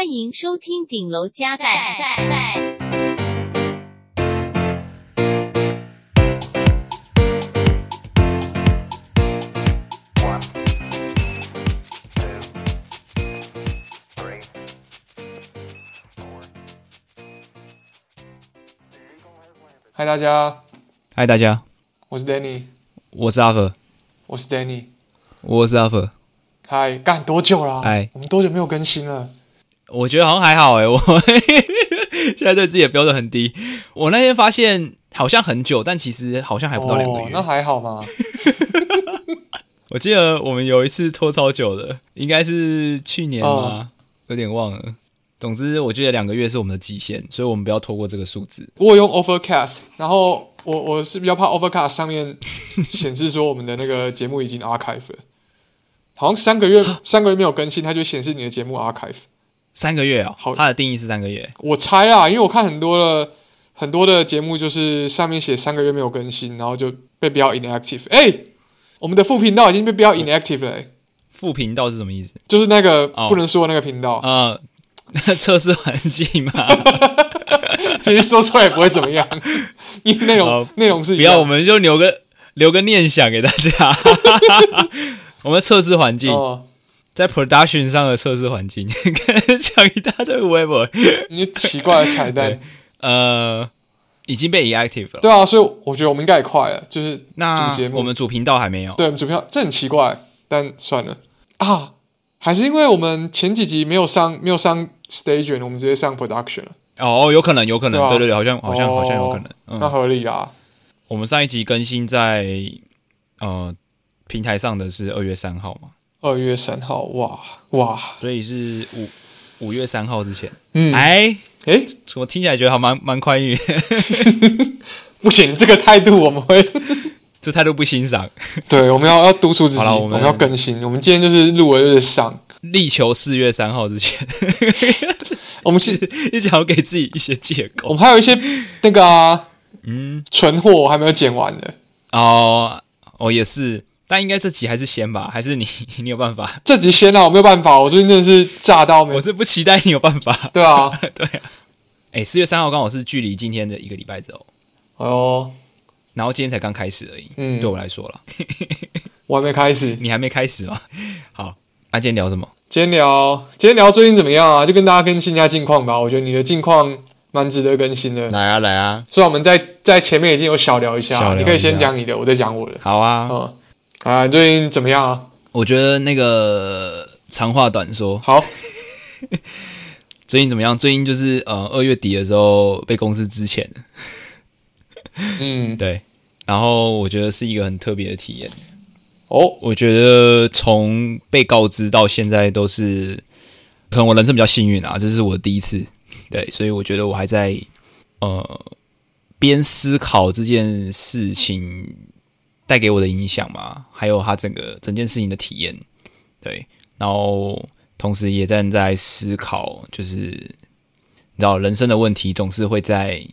歡迎收聽頂樓加蓋。One two three four。嗨，大家，嗨大家，我是 Danny，我是阿和，我是 Danny，我是阿和。嗨，幹多久了？嗨，我們多久沒有更新了？我覺得好像還好哎、欸，我 現在對自己也標準很低。我那天發現好像很久，但其實好像還不到兩個月。哦，那還好嗎？ 我記得我們有一次拖超久了，應該是去年嗎？有點忘了。總之，我覺得兩個月是我們的極限，所以我們不要拖過這個數字。哦。 我，我，我，我，我，不過字我用 Overcast，然後我我是比較怕 Overcast 上面顯示說我們的那個節目已經 Archive 了， 好像三個月三個月沒有更新，它就顯示你的節目 Archive。三個月啊、喔，好，它的定義是三個月。我猜啊，因為我看很多的很多的節目，就是上面寫三個月沒有更新，然後就被標 inactive。哎、欸，我們的副頻道已經被標 inactive 了、欸。副頻道是什麼意思？就是那個不能說那個頻道啊，那測試環境嘛。 其實說出來也不會怎麼樣，因為內容內、oh, 容是一樣，不要，我們就留個留個念想給大家。 我們測試環境。Oh. 在 production 上的測試環境， 講一大堆 web，一 你奇怪的彩蛋。呃，已經被 reactive 了。對啊，所以我覺得我們應該也快了。就是節目，我們主頻道還沒有，對，我們主頻道這很奇怪，但算了啊，還是因為我們前幾集沒有上，沒有上 stage，我們直接上 production 了。哦，有可能，有可能，對、啊、對、對對，好像好像好像有可能，哦嗯，那合理啊。我們上一集更新在呃平台上的是二月三號嘛？二月三號，哇哇，所以是五五月三號之前，嗯，哎哎、欸，我聽起來覺得還蠻蠻寬裕的， 不行，這個態度，我們會 這態度不欣賞。對，我們要要督促自己好我，我們要更新，我們今天就是錄了日上，力求四月三號之前。 我們是一直要給自己一些借口，我們還有一些那個、啊、嗯存貨還沒有剪完呢。哦，我也是。但應該這集還是先吧，還是你你有辦法？這集先啦、啊，我沒有辦法，我最近真的是炸到沒。 我是不期待你有辦法。對啊， 對啊。哎、欸，四月三號剛好是距離今天的一個禮拜之後、哦。哎呦，然後今天才剛開始而已。嗯，對我來說啦，我還沒開始， 你還沒開始嗎？好，那、啊、今天聊什麼？今天聊，今天聊最近怎麼樣啊？就跟大家更新一下近況吧。我覺得你的近況蠻值得更新的。來啊，來啊！所以我們在在前面已經有小聊一下，一下你可以先講你的，我再講我的。好啊，嗯啊，最近怎麼樣啊？我覺得那個長話短說，好。 最近怎麼樣？最近就是呃，二月底的時候被公司資遣，嗯，對。然後我覺得是一個很特別的體驗。哦，我覺得從被告知到現在都是，可能我人生比較幸運啊，這是我第一次。對，所以我覺得我還在呃，邊思考這件事情。帶給我的影響嘛，還有他整個整件事情的體驗，對，然後同時也正在，在思考，就是你知道人生的問題總是會在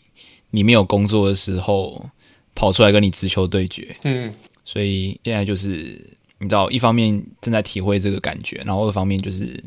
你沒有工作的時候跑出來跟你直球對決，嗯，所以現在就是你知道一方面正在體會這個感覺，然後二方面就是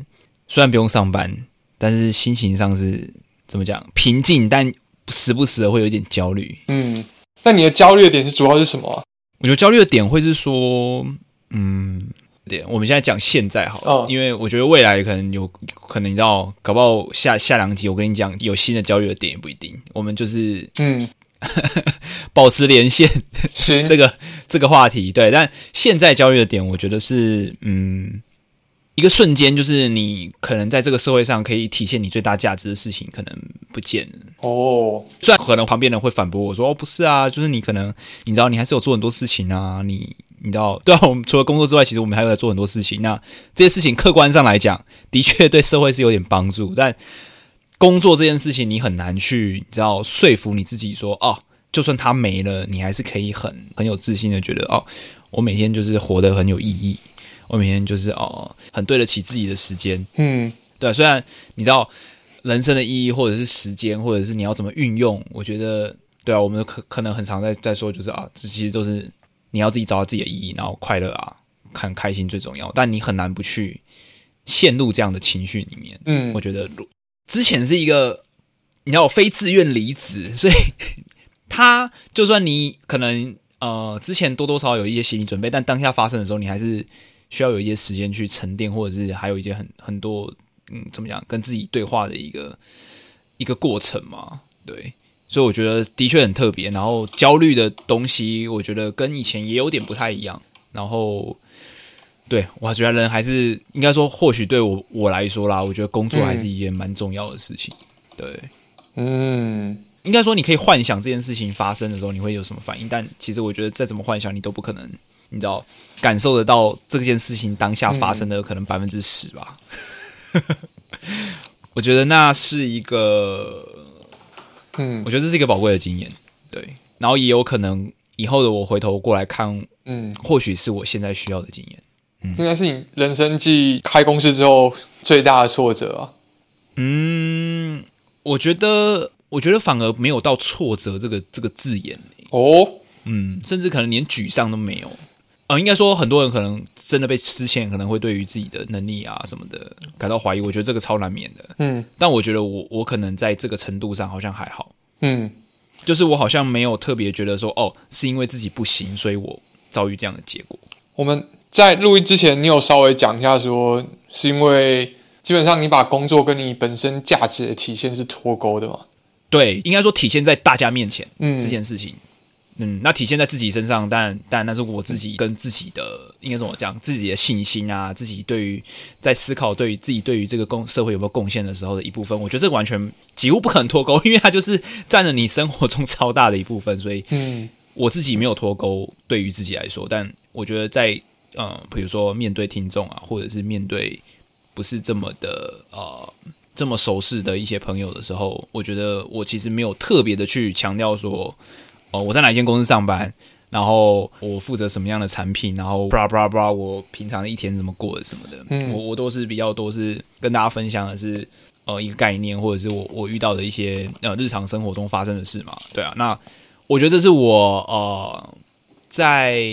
雖然不用上班，但是心情上是怎麼講平靜，但時不時的會有一點焦慮，嗯，那你的焦慮的點是主要是什麼？我覺得焦慮的點會是說，嗯，對我們現在講現在好了，哦，因為我覺得未來可能有可能你知道，搞不好下下兩集我跟你講有新的焦慮的點也不一定，我們就是嗯， 保持連線，是這個這個話題，對，但現在焦慮的點我覺得是嗯。一個瞬間，就是你可能在這個社會上可以體現你最大價值的事情，可能不見了哦。雖然可能旁邊人會反駁我說：“哦，不是啊，就是你可能你知道，你還是有做很多事情啊。”你你知道，對啊，我們除了工作之外，其實我們還有在做很多事情。那這些事情客觀上來講，的確對社會是有點幫助。但工作這件事情，你很難去你知道說服你自己說：“哦，就算它沒了，你還是可以很很有自信的覺得，哦，我每天就是活得很有意義。”我每天就是哦、呃，很對得起自己的時間，嗯，對、啊。雖然你知道人生的意義，或者是時間，或者是你要怎麼運用，我覺得對啊，我們可可能很常在在說，就是啊，這其實都是你要自己找到自己的意義，然後快樂啊，看開心最重要。但你很難不去陷入這樣的情緒裡面。嗯，我覺得之前是一個你要非自願離職，所以 他就算你可能呃之前多多少少有一些心理準備，但當下發生的時候，你還是。需要有一些時間去沉澱，或者是還有一些很很多，嗯，怎麼講，跟自己對話的一個一個過程嘛。對，所以我覺得的確很特別。然後焦慮的東西，我覺得跟以前也有點不太一樣。然後，對，我覺得人還是應該說，或許對我我來說啦，我覺得工作還是一件蠻重要的事情。嗯。對，嗯，應該說你可以幻想這件事情發生的時候你會有什麼反應，但其實我覺得再怎麼幻想你都不可能。你知道感受得到這件事情當下發生的可能百分之十吧？嗯、 我覺得那是一個，嗯，我覺得這是一個寶貴的經驗，對。然後也有可能以後的我回頭過來看，嗯，或許是我現在需要的經驗。嗯，這、嗯、該是你人生繼開公司之後最大的挫折啊？嗯，我覺得，我覺得反而沒有到挫折這個這個字眼、欸、哦，嗯，甚至可能連沮喪都沒有。呃、嗯，應該說很多人可能真的被資遣，可能會對於自己的能力啊什麼的感到懷疑。我覺得這個超難免的。嗯，但我覺得我我可能在這個程度上好像還好。嗯，就是我好像沒有特別覺得說，哦，是因為自己不行，所以我遭遇這樣的結果。我們在錄音之前，你有稍微講一下說，是因為基本上你把工作跟你本身價值的體現是脫鈎的嘛？對，應該說體現在大家面前，嗯，這件事情。嗯，那體現在自己身上，但但那是我自己跟自己的，應該怎麼講？自己的信心啊，自己對於在思考對於自己對於這個共社會有沒有貢獻的時候的一部分，我覺得這個完全幾乎不可能脫鈎，因為它就是占了你生活中超大的一部分，所以嗯，我自己沒有脫鈎，對於自己來說，但我覺得在呃，比如說面對聽眾啊，或者是面對不是這麼的呃這麼熟識的一些朋友的時候，我覺得我其實沒有特別的去強調說。哦、呃，我在哪一間公司上班？然後我負責什麼樣的產品？然後布拉布拉布拉，我平常的一天怎麼過的什麼的，嗯、我我都是比較多是跟大家分享的是呃一個概念，或者是我我遇到的一些呃日常生活中發生的事嘛。對啊，那我覺得這是我呃在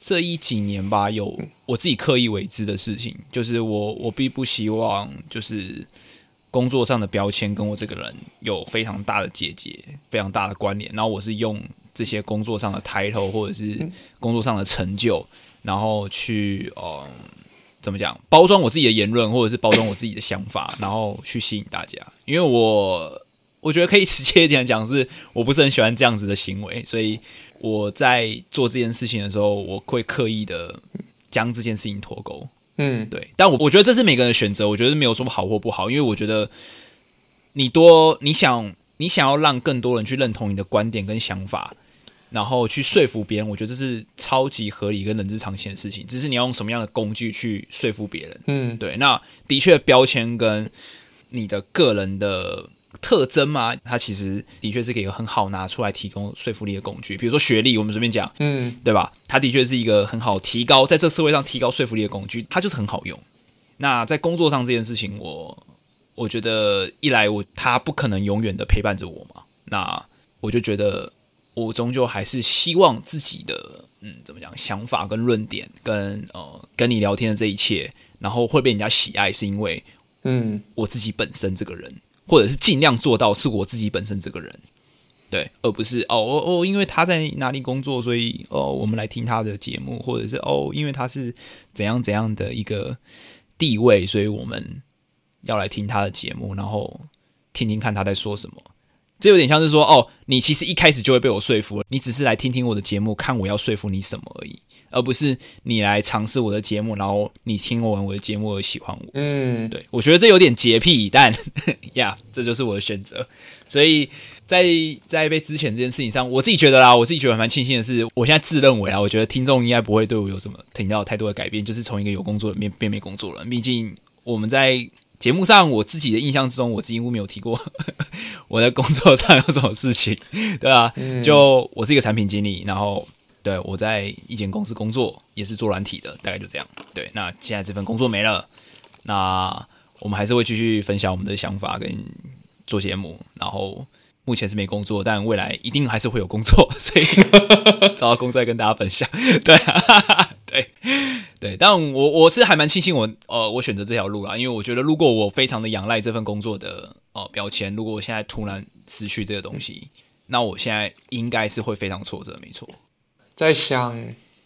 這一幾年吧，有我自己刻意為之的事情，就是我我並不希望就是。工作上的標籤跟我這個人有非常大的結節，非常大的關聯。然後我是用這些工作上的抬頭或者是工作上的成就，然後去嗯、呃，怎麼講，包裝我自己的言論，或者是包裝我自己的想法，然後去吸引大家。因為我我覺得可以直接一點來講，是我不是很喜歡這樣子的行為，所以我在做這件事情的時候，我會刻意的將這件事情脫鈎。嗯，對，但我我覺得這是每個人的選擇，我覺得沒有什麼好或不好，因為我覺得你多你想你想要讓更多人去認同你的觀點跟想法，然後去說服別人，我覺得這是超級合理跟人之常情的事情，只是你要用什麼樣的工具去說服別人。嗯，對，那的確標籤跟你的個人的。特徵嘛，它其實的確是給一個很好拿出來提供說服力的工具。比如說學歷，我們隨便講，嗯，對吧？它的確是一個很好提高在這個社會上提高說服力的工具，它就是很好用。那在工作上這件事情我，我我覺得一來我它不可能永遠的陪伴着我嘛，那我就覺得我終究還是希望自己的嗯，怎麼講？想法跟論點跟呃跟你聊天的這一切，然後會被人家喜愛，是因為我嗯我自己本身這個人。或者是盡量做到是我自己本身這個人，對，而不是哦，哦哦，因為他在哪裡工作，所以哦，我們來聽他的節目，或者是哦，因為他是怎樣怎樣的一個地位，所以我們要來聽他的節目，然後聽聽看他在說什麼。這有點像是說哦，你其實一開始就會被我說服，你只是來聽聽我的節目，看我要說服你什麼而已。而不是你來嘗試我的節目，然後你聽完我，我的節目而喜歡我。嗯，對，我覺得這有點潔癖，但呀， yeah, 這就是我的選擇。所以在在被之前這件事情上，我自己覺得啦，我自己覺得蠻慶幸的是，我現在自認為啊，我覺得聽眾應該不會對我有什麼聽到太多的改變，就是從一個有工作的面變沒工作了。畢竟我們在節目上，我自己的印象之中，我幾乎沒有提過 我在工作上有什麼事情，對啊，就我是一個產品經理，然後。對，我在一間公司工作，也是做軟體的，大概就這樣。對，那現在這份工作沒了，那我們還是會繼續分享我們的想法跟做節目。然後目前是沒工作，但未來一定還是會有工作，所以 找到工作再跟大家分享。對， 對，對，對。但我我是還蠻慶幸我呃我選擇這條路啊，因為我覺得如果我非常的仰賴這份工作的哦、呃、標籤，如果我現在突然失去這個東西，那我現在應該是會非常挫折，沒錯。在想，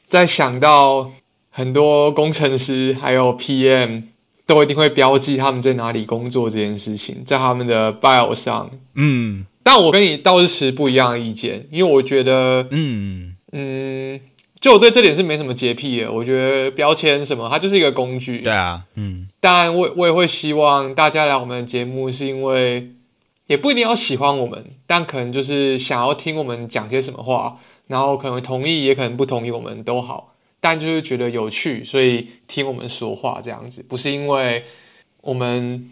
在想到很多工程師還有 PM 都一定會標記他們在哪裡工作這件事情，在他們的 bio 上。嗯，但我跟你倒是持不一樣的意見，因為我覺得，嗯嗯，就我對這點是沒什麼潔癖的。我覺得標籤什麼，它就是一個工具。對啊，嗯。但我我也會希望大家來我們的節目，是因為也不一定要喜歡我們，但可能就是想要聽我們講些什麼話。然後可能同意，也可能不同意，我們都好。但就是覺得有趣，所以聽我們說話這樣子，不是因為我們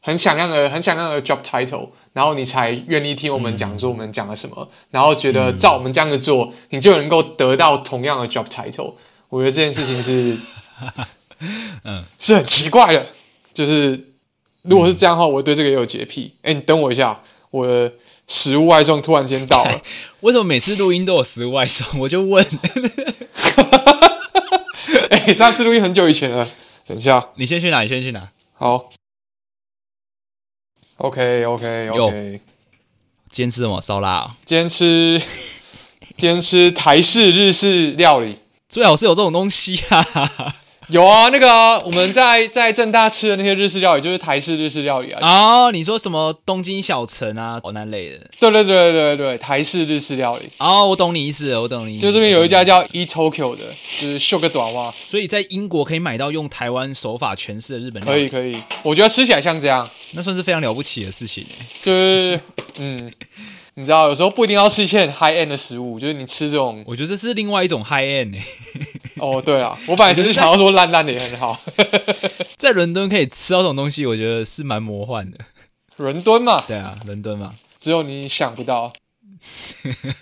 很響亮的、很響亮的 job title，然後你才願意聽我們講說我們講了什麼，嗯、然後覺得照我們這樣子做，你就能夠得到同樣的 job title。我覺得這件事情是，嗯， 是很奇怪的。就是如果是這樣的話，我對這個也有潔癖。哎，你等我一下，我的。食物外送突然間到了，為什麼每次錄音都有食物外送？我就問。哎、 欸，上次錄音很久以前了，等一下，你先去哪？你先去哪？好。OK，OK，OK、okay, okay, okay。今天吃什麼？燒臘、哦。今天吃，今天吃台式、日式料理。最好是有這種東西啊。有啊，那個，啊、我們在在政大吃的那些日式料理，就是台式日式料理啊。啊、哦，你說什麼東京小城啊，島南類的？對對對對對，台式日式料理。哦，我懂你意思，我懂你意思。就這邊有一家叫 Eat Tokyo 的，對對對對，就是秀個短襪。所以在英國可以買到用台灣手法詮釋的日本料理，可以可以。我覺得吃起來像這樣，那算是非常了不起的事情，欸。就是嗯。 你知道，有時候不一定要吃一些很 high end 的食物，就是你吃這種，我覺得這是另外一種 high end、欸、哦，對啊，我本來就是想要說爛爛的也很好。 在倫敦可以吃到這種東西，我覺得是蠻魔幻的。倫敦嘛，對啊，倫敦嘛，只有你想不到。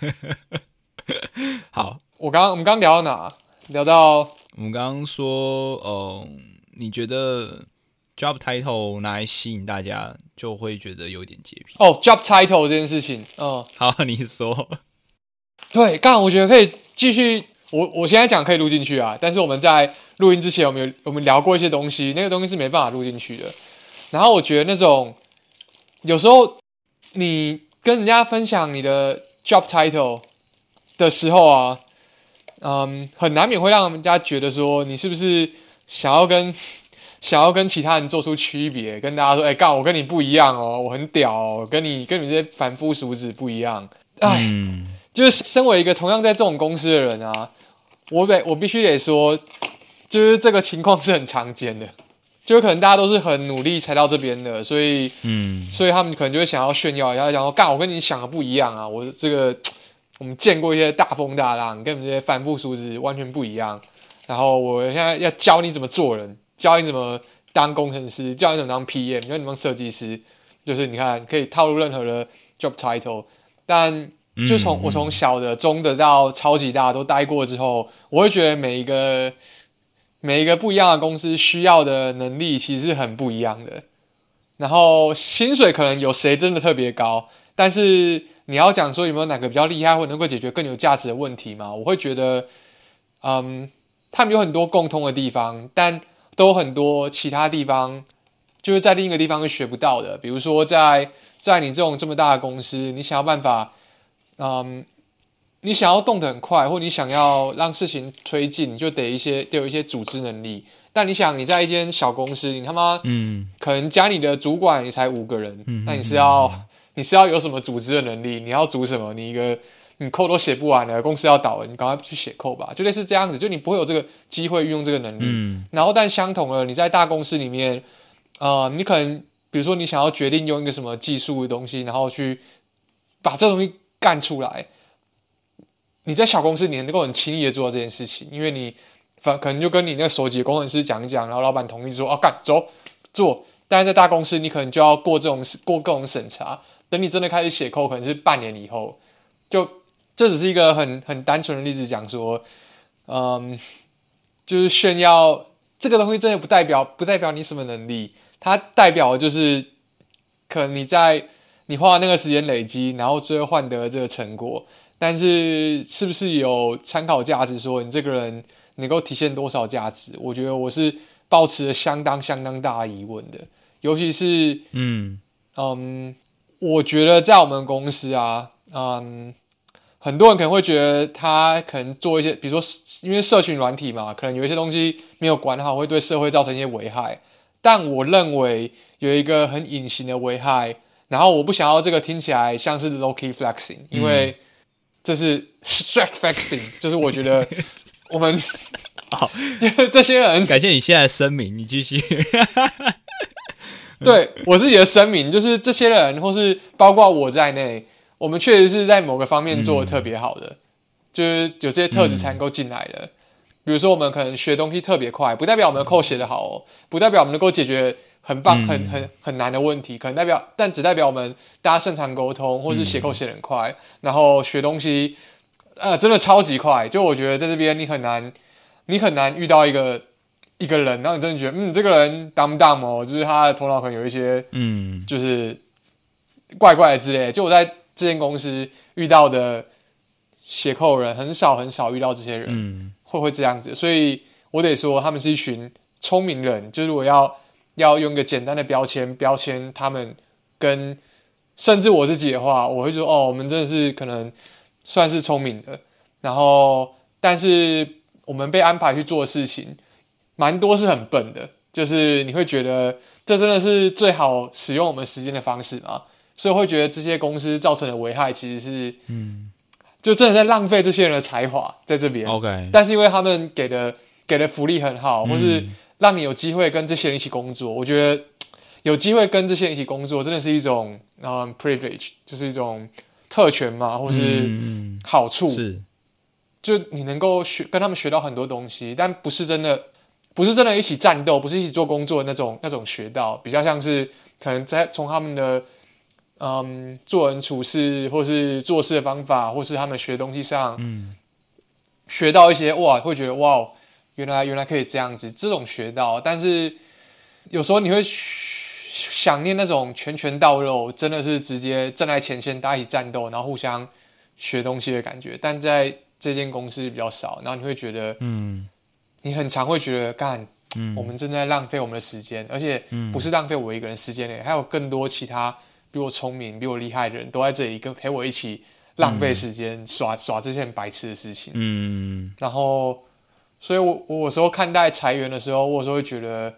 好。好，我剛剛我們剛聊到哪？聊到我們剛剛說，嗯、呃，你覺得？Job title 拿來吸引大家，就會覺得有點潔癖哦。Job title 這件事情，嗯，好， 你說，對，剛好我覺得可以繼續，我我現在講可以錄進去啊，但是我們在錄音之前，我們有我們聊過一些東西，那個東西是沒辦法錄進去的。然後我覺得那種有時候你跟人家分享你的 job title 的時候啊，嗯，很難免會讓人家覺得說你是不是想要跟。想要跟其他人做出區別，跟大家說：“哎、欸，幹，我跟你不一樣哦，我很屌、哦，跟你跟你這些凡夫俗子不一樣。”哎、嗯，就是身為一個同樣在這種公司的人啊，我得我必須得說，就是這個情況是很常見的，就有可能大家都是很努力才到這邊的，所以，嗯，所以他們可能就會想要炫耀然後想說：“幹，我跟你想的不一樣啊，我這個我們見過一些大風大浪，跟你們這些凡夫俗子完全不一樣。”然後我現在要教你怎麼做人。教你怎麼當工程師，教你怎麼當 PM，教你怎麼設計師，就是你看可以套入任何的 job title。但就從我從小的、中的到超級大的都待過之後，我會覺得每一個每一個不一樣的公司需要的能力其實是很不一樣的。然後薪水可能有誰真的特別高，但是你要講說有沒有哪個比較厲害，或者能夠解決更有價值的問題嘛？我會覺得，嗯，他們有很多共通的地方，但。都很多，其他地方就是在另一個地方是學不到的。比如說在，在在你這種這麼大的公司，你想要辦法，嗯、呃，你想要動得很快，或你想要讓事情推進，你就得一些，得有一些組織能力。但你想你在一間小公司，你他媽，嗯，可能家裡的主管也才五個人，嗯、那你是要你是要有什麼組織的能力？你要組什麼？你一個。你、嗯、扣都寫不完了，公司要倒了，你趕快去寫扣吧。就類似這樣子，就你不會有這個機會運用這個能力。嗯、然後，但相同了，你在大公司裡面，啊、呃，你可能比如說你想要決定用一個什麼技術的東西，然後去把這東西幹出來，你在小公司你能夠很輕易的做到這件事情，因為你反可能就跟你那個手機工程師講一講，然後老板同意說啊幹走做。但是在大公司，你可能就要過這種過各種審查，等你真的開始寫扣，可能是半年以後就。這只是一個很很單純的例子，講說，嗯，就是炫耀這個東西，真的不代表不代表你什麼能力，它代表的就是，可能你在你花那個時間累積，然後最後換得這個成果，但是是不是有參考價值？說你這個人能夠體現多少價值？我覺得我是抱持了相當相當大的疑問的，尤其是，嗯嗯，我覺得在我們公司啊，嗯。很多人可能會覺得他可能做一些，比如說，因為社群軟體嘛，可能有一些東西沒有管好，會對社會造成一些危害。但我認為有一個很隱形的危害，然後我不想要這個聽起來像是 low key flexing，因為這是 strike flexing，、嗯、就是我覺得我們 好，就 是這些人感謝你現在的聲明，你繼續 對我自己的聲明，就是這些人或是包括我在內。我們確實是在某個方面做得特別好的，嗯、就是有這些特質才能夠進來的。嗯、比如說，我們可能學東西特別快，不代表我們扣寫得好哦，不代表我們能夠解決很棒、很很很難的問題、嗯，可能代表，但只代表我們大家擅長溝通，或是寫扣寫很快、嗯，然後學東西，啊、呃，真的超級快。就我覺得在這邊，你很難，你很難遇到一個一個人，讓你真的覺得，嗯，這個人 down down 哦，就是他的頭腦可能有一些，嗯，就是怪怪的之類的。就我在。這間公司遇到的脅扣的人很少，很少遇到這些人、嗯，會會這樣子，所以我得說，他們是一群聰明人。就是我要要用一個簡單的標籤，標籤他們跟甚至我自己的話，我會說，哦，我們真的是可能算是聰明的。然後，但是我們被安排去做的事情，蠻多是很笨的，就是你會覺得這真的是最好使用我們時間的方式啊。所以會覺得這些公司造成的危害其實是，嗯，就真的在浪費這些人的才華在這邊。OK，嗯，但是因為他們給的給的福利很好，嗯，或是讓你有機會跟這些人一起工作，我覺得有機會跟這些人一起工作，真的是一種，呃，privilege，就是一種特權嘛，或是好處，嗯嗯，是，就你能夠學跟他們學到很多東西，但不是真的，不是真的一起戰鬥，不是一起做工作的那種那種學到，比較像是可能在從他們的。嗯，做人處事，或是做事的方法，或是他們學東西上，嗯，學到一些哇，會覺得哇，原來原來可以這樣子，這種學到，但是有時候你會想念那種拳拳到肉，真的是直接站在前線打起戰鬥，然後互相學東西的感覺，但在這間公司比較少，然後你會覺得，嗯，你很常會覺得，幹，我們正在浪費我們的時間，而且不是浪費我一個人的時間嘞，還有更多其他。比我聰明、比我厲害的人都在這裡跟陪我一起浪費時間耍、嗯、耍，耍這些很白痴的事情。嗯，然後，所以我，我有時候看待裁員的時候，我有時候會覺得，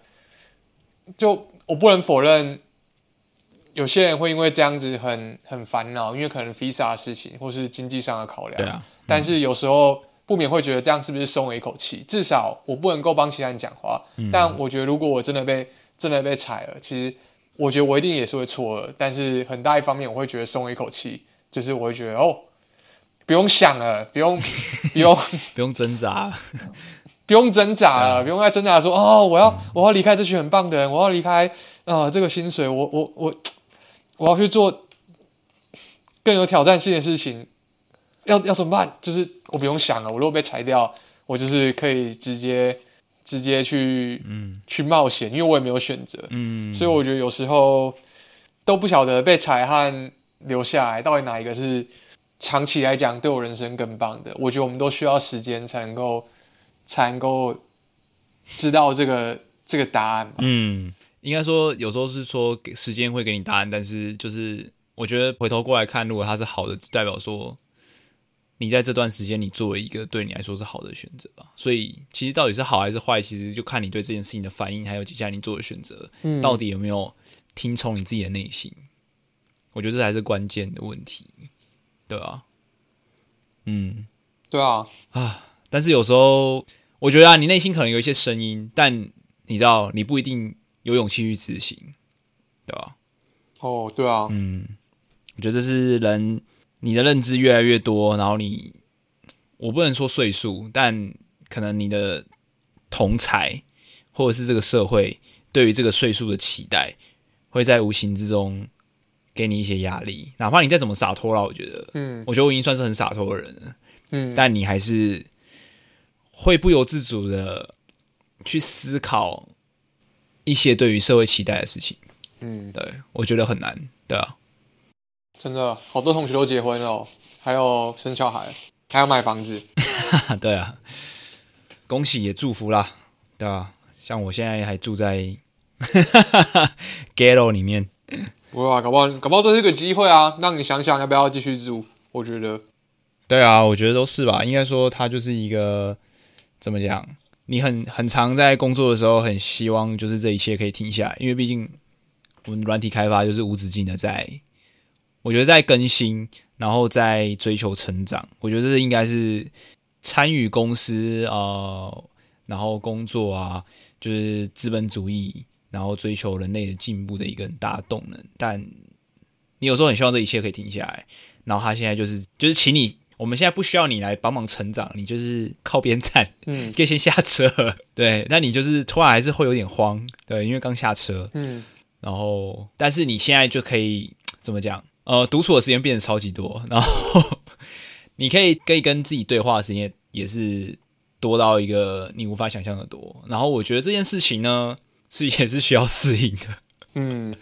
就我不能否認，有些人會因為這樣子很很煩惱，因為可能 Visa 的事情或是經濟上的考量、對啊，嗯。但是有時候不免會覺得這樣是不是鬆了一口氣？至少我不能夠幫其他人講話、嗯。但我覺得，如果我真的被真的被裁了，其實。我覺得我一定也是會錯的，但是很大一方面我會覺得鬆一口氣，就是我會覺得哦，不用想了，不用， 不用掙， 不用掙扎，不用掙扎了，不用再掙扎說哦，我要，我要離開這群很棒的人，我要離開啊、呃，這個薪水，我我我，我要去做更有挑戰性的事情，要要怎麼辦？就是我不用想了，我如果被裁掉，我就是可以直接。直接去嗯去冒險，因為我也沒有選擇，嗯，所以我覺得有時候都不曉得被裁和留下來到底哪一個是長期來講對我人生更棒的。我覺得我們都需要時間才能夠才能夠知道這個、嗯、這個答案吧。嗯，應該說有時候是說時間會給你答案，但是就是我覺得回頭過來看，如果它是好的，代表說。你在這段時間，你做了一個對你來說是好的選擇吧？所以，其實到底是好還是壞，其實就看你對這件事情的反應，還有接下來你做的選擇，嗯，到底有沒有聽從你自己的內心？我覺得這才是關鍵的問題，對啊，嗯，對啊，啊，但是有時候我覺得啊，你內心可能有一些聲音，但你知道，你不一定有勇氣去執行，對吧？哦，對啊，嗯，我覺得這是人。你的認知越來越多，然後你，我不能說歲數，但可能你的同儕或者是這個社會對於這個歲數的期待，會在無形之中給你一些壓力。哪怕你再怎麼灑脫了，我覺得，嗯，我覺得我已經算是很灑脫的人了，嗯，但你還是會不由自主的去思考一些對於社會期待的事情，嗯，對，我覺得很難，對啊。真的，好多同學都結婚了，還有生小孩，還要買房子。 對啊，恭喜也祝福啦，對啊，像我現在還住在 g 哈 ghetto 裡面，不會啊，搞不好搞不好這是一個機會啊！讓你想想，要不要繼續住？我覺得，對啊，我覺得都是吧。應該說，它就是一個怎麼講？你很很常在工作的時候，很希望就是這一切可以停下來，因為畢竟我們軟體開發就是無止境的在。我覺得在更新，然後在追求成長。我覺得這應該是參與公司啊、呃，然後工作啊，就是資本主義，然後追求人類的進步的一個很大的動能。但你有時候很希望這一切可以停下來。然後他現在就是就是請你，我們現在不需要你來幫忙成長，你就是靠邊站，嗯， 可以先下車。對，那你就是突然還是會有點慌，對，因為剛下車，嗯，然後但是你現在就可以怎麼講？呃，獨處的時間變得超級多，然後你可以可以跟自己對話的時間也是多到一個你無法想象的多。然後我覺得這件事情呢，是也是需要適應的。嗯，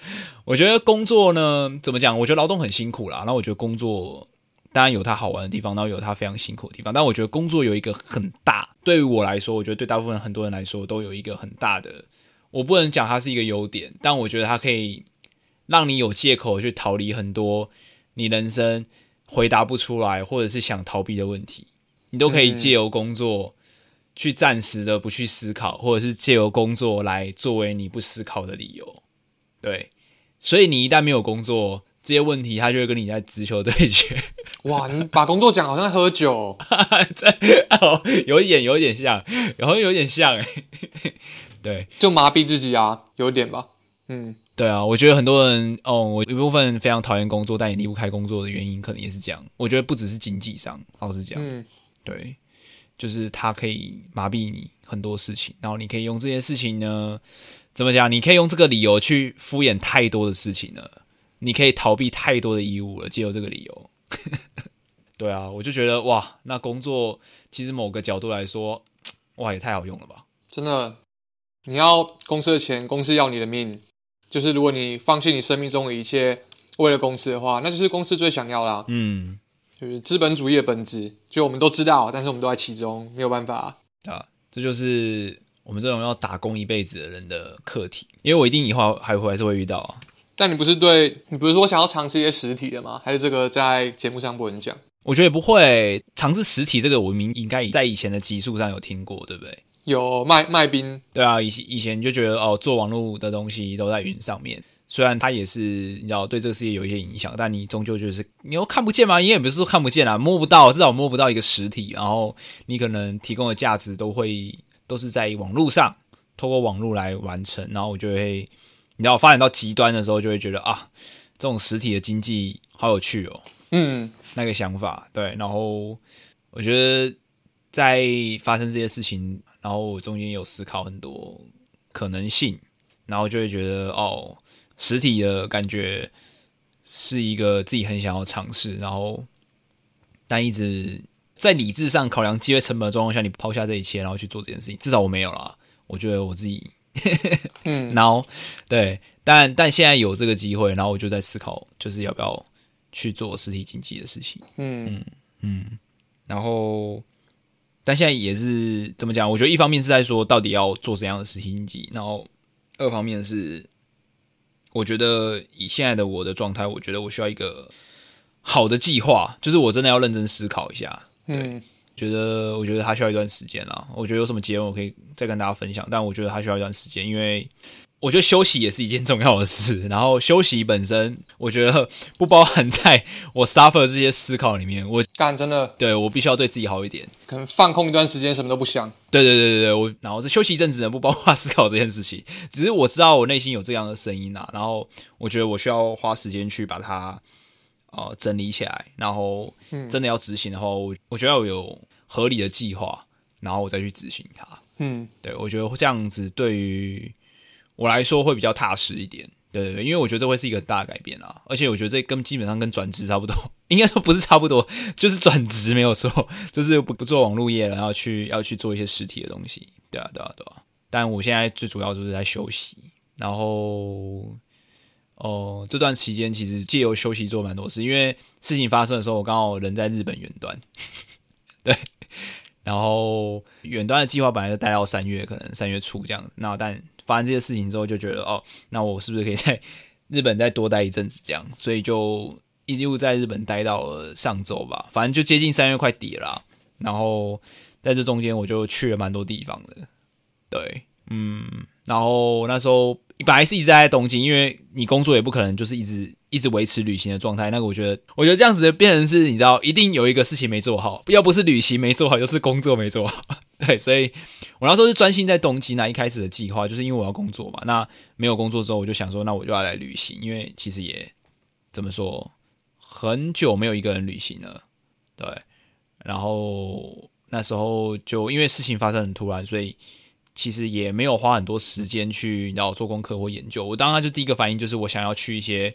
我覺得工作呢，怎麼講？我覺得勞動很辛苦啦。然後我覺得工作當然有它好玩的地方，然後有它非常辛苦的地方。但我覺得工作有一個很大，對於我來說，我覺得對大部分很多人來說都有一個很大的。我不能講它是一個優點，但我覺得它可以。讓你有借口去逃離很多你人生回答不出來，或者是想逃避的問題，你都可以借由工作去暫時的不去思考，或者是借由工作來作為你不思考的理由。對，所以你一旦沒有工作，這些問題他就會跟你在直球對決。哇，你把工作講好像喝酒， 有一點，有一點像，然後有點像、欸，哎， 對，就麻痹自己啊，有一點吧，嗯。對啊，我覺得很多人哦，我一部分人非常討厭工作，但也離不開工作的原因，可能也是這樣。我覺得不只是經濟上，老實講，嗯，對，就是他可以麻痹你很多事情，然後你可以用這件事情呢，怎麼講？你可以用這個理由去敷衍太多的事情了，你可以逃避太多的義務了，借由這個理由。 對啊，我就覺得哇，那工作其實某個角度來說，哇，也太好用了吧！真的，你要公司的錢，公司要你的命。就是如果你放棄你生命中的一切，為了公司的話，那就是公司最想要啦、啊。嗯，就是資本主義的本質，就我們都知道，但是我們都在其中，沒有辦法啊。啊，這就是我們這種要打工一輩子的人的課題。因為我一定以後還會還是會遇到啊。但你不是對你不是說想要嘗試一些實體的嗎？還是這個在節目上不能講？我覺得也不會嘗試實體這個，我們應該在以前的集數上有聽過，對不對？有賣賣冰。對啊，以以前就覺得哦，做網絡的東西都在雲上面，雖然它也是你知道對這個世界有一些影響，但你終究就是你又看不見嘛，你也不是說看不見啊，摸不到至少摸不到一個實體，然後你可能提供的價值都會都是在網絡上，透過網絡來完成，然後我就會你知道發展到極端的時候，就會覺得啊，這種實體的經濟好有趣哦、喔，嗯，那個想法對，然後我覺得在發生這些事情。然後我中間有思考很多可能性，然後就會覺得哦，實體的感覺是一個自己很想要嘗試，然後但一直在理智上考量機會成本的狀況下，你拋下這一切，然後去做這件事情。至少我沒有啦，我覺得我自己， 嗯，然後，對，但但現在有這個機會，然後我就在思考，就是要不要去做實體經濟的事情。嗯嗯嗯，然後。但現在也是怎麼講？我覺得一方面是在說到底要做怎樣的事情。然後二方面是，我覺得以現在的我的狀態，我覺得我需要一個好的計劃，就是我真的要認真思考一下。對，嗯，覺得我覺得還需要一段時間啦。我覺得有什麼結論我可以再跟大家分享，但我覺得還需要一段時間，因為。我覺得休息也是一件重要的事，然後休息本身，我覺得不包含在我 suffer 這些思考裡面。我但真的對我必須要對自己好一點，可能放空一段時間，什麼都不想。對對對對，對我然後休息一陣子，不包括思考這件事情。只是我知道我內心有這樣的聲音啦、啊。然後我覺得我需要花時間去把它、呃、整理起來，然後真的要執行的話，嗯、我覺得我有合理的計劃，然後我再去執行它。嗯，對我覺得這樣子對於，我來說會比較踏實一點，對對對，因為我覺得這會是一個大改變啦，而且我覺得這跟基本上跟轉職差不多，應該說不是差不多，就是轉職沒有錯，就是不不做網絡業，然後去要去做一些實體的東西，對啊對啊對啊，但我現在最主要就是在休息，然後哦，呃，這段期間其實借由休息做蠻多事，因為事情發生的時候我剛好人在日本遠端，對，然後遠端的計劃本來就待到三月，可能三月初這樣子，那但。發生這些事情之後，就覺得哦，那我是不是可以在日本再多待一陣子？這樣，所以就一路在日本待到了上週吧。反正就接近三月快底了啦。然後在這中間，我就去了蠻多地方的。對，嗯，然後那時候本來是一直在東京，因為你工作也不可能就是一直一直維持旅行的狀態。那個，我覺得，我覺得這樣子變成是，你知道，一定有一個事情沒做好，要不是旅行沒做好，就是工作沒做好。對，所以我那時候是專心在東京，那一開始的計劃，就是因為我要工作嘛。那沒有工作之後，我就想說，那我就要來旅行，因為其實也怎麼說，很久沒有一個人旅行了。對，然後那時候就因為事情發生很突然，所以其實也沒有花很多時間去，你知道，做功課或研究。我當然就第一個反應就是，我想要去一些，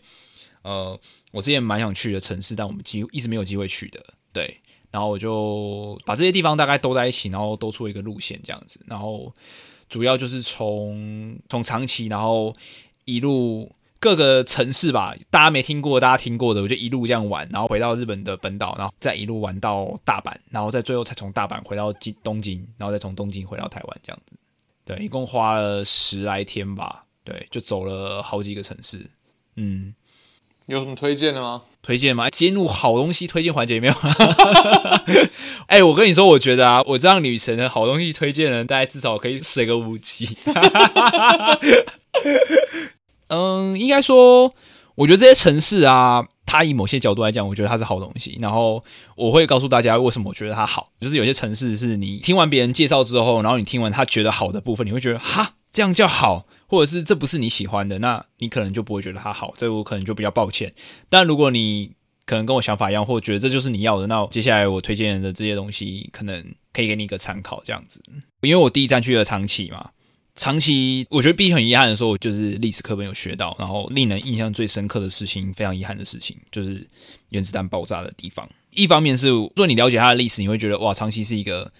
呃，我之前蠻想去的城市，但我們幾乎一直沒有機會去的。對。然後我就把這些地方大概兜在一起，然後兜出一個路線這樣子。然後主要就是從從長崎，然後一路各個城市吧，大家沒聽過，大家聽過的，我就一路這樣玩，然後回到日本的本島，然後再一路玩到大阪，然後再最後才從大阪回到京東京，然後再從東京回到台灣這樣子。對，一共花了十來天吧。對，就走了好幾個城市。嗯。有什麼推薦的嗎？推薦嗎？進入好東西推薦環節沒有？哎、 欸，我跟你說，我覺得啊，我這樣女神的好東西推薦呢，大概至少可以睡個五級。 嗯，應該說，我覺得這些城市啊，它以某些角度來講，我覺得它是好東西。然後我會告訴大家為什麼我覺得它好，就是有些城市是你聽完別人介紹之後，然後你聽完他覺得好的部分，你會覺得哈。這樣叫好，或者是這不是你喜歡的，那你可能就不會覺得它好，這我可能就比較抱歉。但如果你可能跟我想法一樣，或覺得這就是你要的，那我接下來我推薦的這些東西，可能可以給你一個參考，這樣子，因為我第一站去了長崎嘛。長崎，我覺得必很遺憾的時候，就是歷史課本有學到，然後令人印象最深刻的事情，非常遺憾的事情，就是原子彈爆炸的地方。一方面是，如果你了解它的歷史，你會覺得哇，長崎是一個。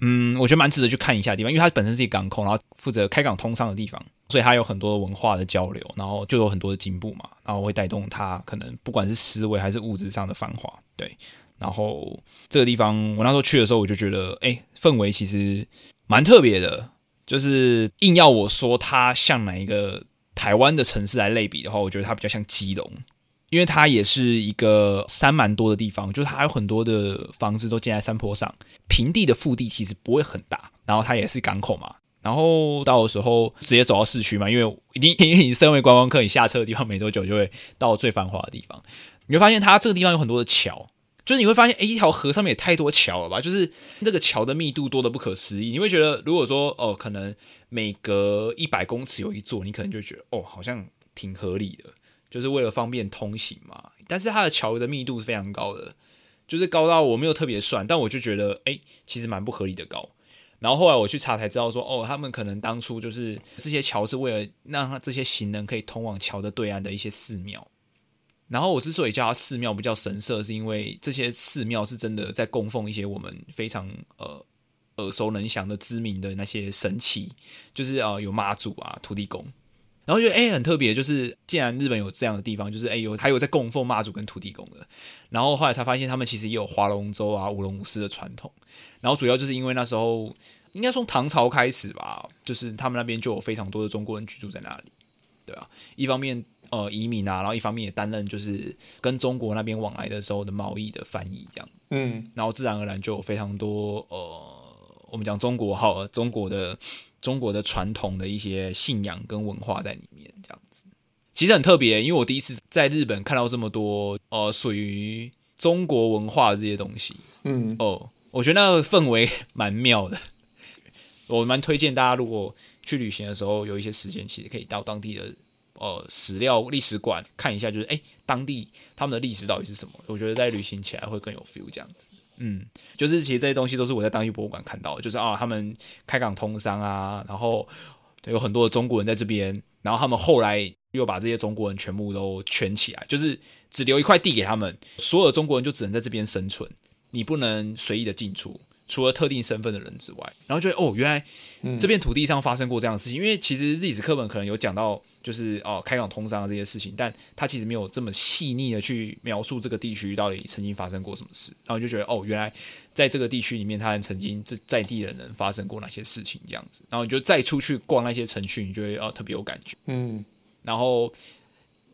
嗯，我覺得蠻值得去看一下的地方，因為它本身是一個港口，然後負責開港通商的地方，所以它有很多文化的交流，然後就有很多的進步嘛，然後會帶動它可能不管是思維還是物質上的繁華，對。然後這個地方，我那時候去的時候，我就覺得，誒，氛圍其實蠻特別的，就是硬要我說它像哪一個台灣的城市來類比的話，我覺得它比較像基隆。因為它也是一個山蠻多的地方，就是它有很多的房子都建在山坡上，平地的腹地其實不會很大。然後它也是港口嘛，然後到的時候直接走到市區嘛，因為一定因為你身為觀光客，你下車的地方沒多久就會到最繁華的地方。你會發現它這個地方有很多的橋，就是你會發現哎，一條河上面也太多橋了吧？就是這個橋的密度多的不可思議。你會覺得如果說哦，可能每隔一百公尺有一座，你可能就覺得哦，好像挺合理的。就是為了方便通行嘛，但是它的橋的密度是非常高的，就是高到我沒有特別算，但我就覺得哎、欸，其實蠻不合理的高。然後後來我去查才知道說，哦，他們可能當初就是這些橋是為了讓這些行人可以通往橋的對岸的一些寺廟。然後我之所以叫它寺廟不叫神社，是因為這些寺廟是真的在供奉一些我們非常呃耳熟能詳的知名的那些神祇，就是啊、呃、有媽祖啊、土地公。然後覺得哎很特別，就是既然日本有這樣的地方，就是哎有還有在供奉媽祖跟土地公的。然後後來才發現，他們其實也有划龍舟啊、舞龍舞獅的傳統。然後主要就是因為那時候應該從唐朝開始吧，就是他們那邊就有非常多的中國人居住在那裡，對啊，一方面呃移民啊，然後一方面也擔任就是跟中國那邊往來的時候的貿易的翻譯，這樣。嗯，然後自然而然就有非常多呃，我們講中國好中國的。中國的傳統的一些信仰跟文化在裡面，這樣子其實很特別。因為我第一次在日本看到這麼多呃屬於中國文化這些東西，嗯，嗯哦，我覺得那個氛圍蠻妙的。我蠻推薦大家，如果去旅行的時候有一些時間，其實可以到當地的呃史料歷史館看一下，就是哎當地他們的歷史到底是什麼？我覺得在旅行起來會更有 feel 這樣子。嗯，就是其實這些東西都是我在當地博物館看到的。就是啊，他們開港通商啊，然後有很多的中國人在這邊，然後他們後來又把這些中國人全部都圈起來，就是只留一塊地給他們，所有中國人就只能在這邊生存，你不能隨意的進出，除了特定身份的人之外，然後就哦，原來這片土地上發生過這樣的事情。嗯，因為其實歷史課本可能有講到。就是哦、呃，開港通商的這些事情，但他其實沒有這麼細膩的去描述這個地區到底曾經發生過什麼事。然後就覺得哦，原來在這個地區裡面，他曾經在在地的人發生過哪些事情這樣子。然後你就再出去逛那些城區，你就會哦、呃、特別有感覺。嗯，嗯，然後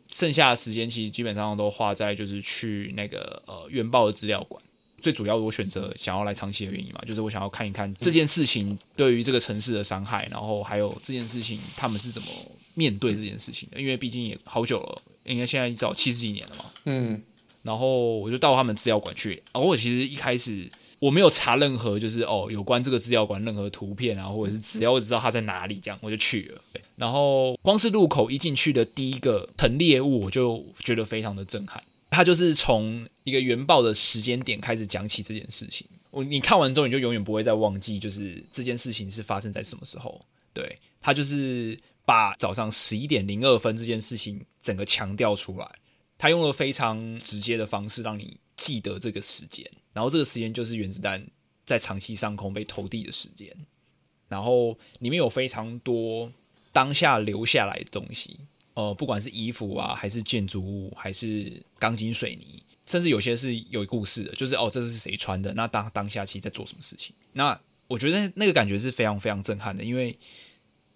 剩下的時間其實基本上都花在就是去那個呃原爆的資料館。最主要我選擇想要來長崎的原因嘛，就是我想要看一看這件事情對於這個城市的傷害，然後還有這件事情他們是怎麼。面對這件事情，因為畢竟也好久了，應該現在早七十幾年了嘛。嗯，然後我就到他們資料館去。然後我其實一開始我沒有查任何就是哦，有關這個資料館任何圖片，啊，然後或者是，只要我知道他在哪裡，這樣我就去了對。然後光是入口一進去的第一個陳列物，我就覺得非常的震撼。他就是從一個原爆的時間點開始講起這件事情。我你看完之後，你就永遠不會再忘記，就是這件事情是發生在什麼時候。對他就是。把早上十一點零二分這件事情整個強調出來，他用了非常直接的方式讓你記得這個時間，然後這個時間就是原子彈在長崎上空被投遞的時間。然後裡面有非常多當下留下來的東西，呃，不管是衣服啊，還是建築物，還是鋼筋水泥，甚至有些是有故事的，就是哦，這是誰穿的？那當當下其實在做什麼事情？那我覺得那個感覺是非常非常震撼的，因為。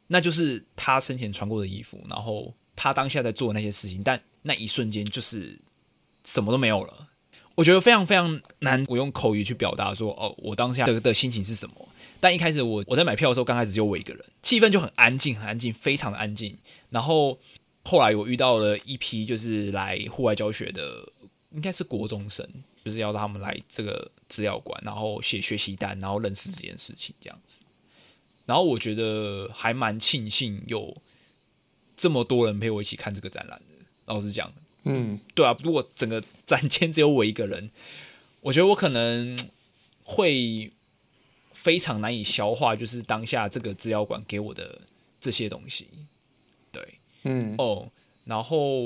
那就是他生前穿過的衣服，然後他當下在做的那些事情，但那一瞬間就是什麼都沒有了。我覺得非常非常難，我用口語去表達說，哦，我當下的、的心情是什麼。但一開始我我在買票的時候，剛開始只有我一個人，氣氛就很安靜，很安靜，非常的安靜。然後後來我遇到了一批就是來戶外教學的，應該是國中生，就是要讓他們來這個資料館，然後寫學習單，然後認識這件事情這樣子。然後我覺得還蠻慶幸有這麼多人陪我一起看這個展覽的。老實講，嗯，對啊。如果整個展廳只有我一個人，我覺得我可能會非常難以消化，就是當下這個資料館給我的這些東西。對，嗯，哦。然後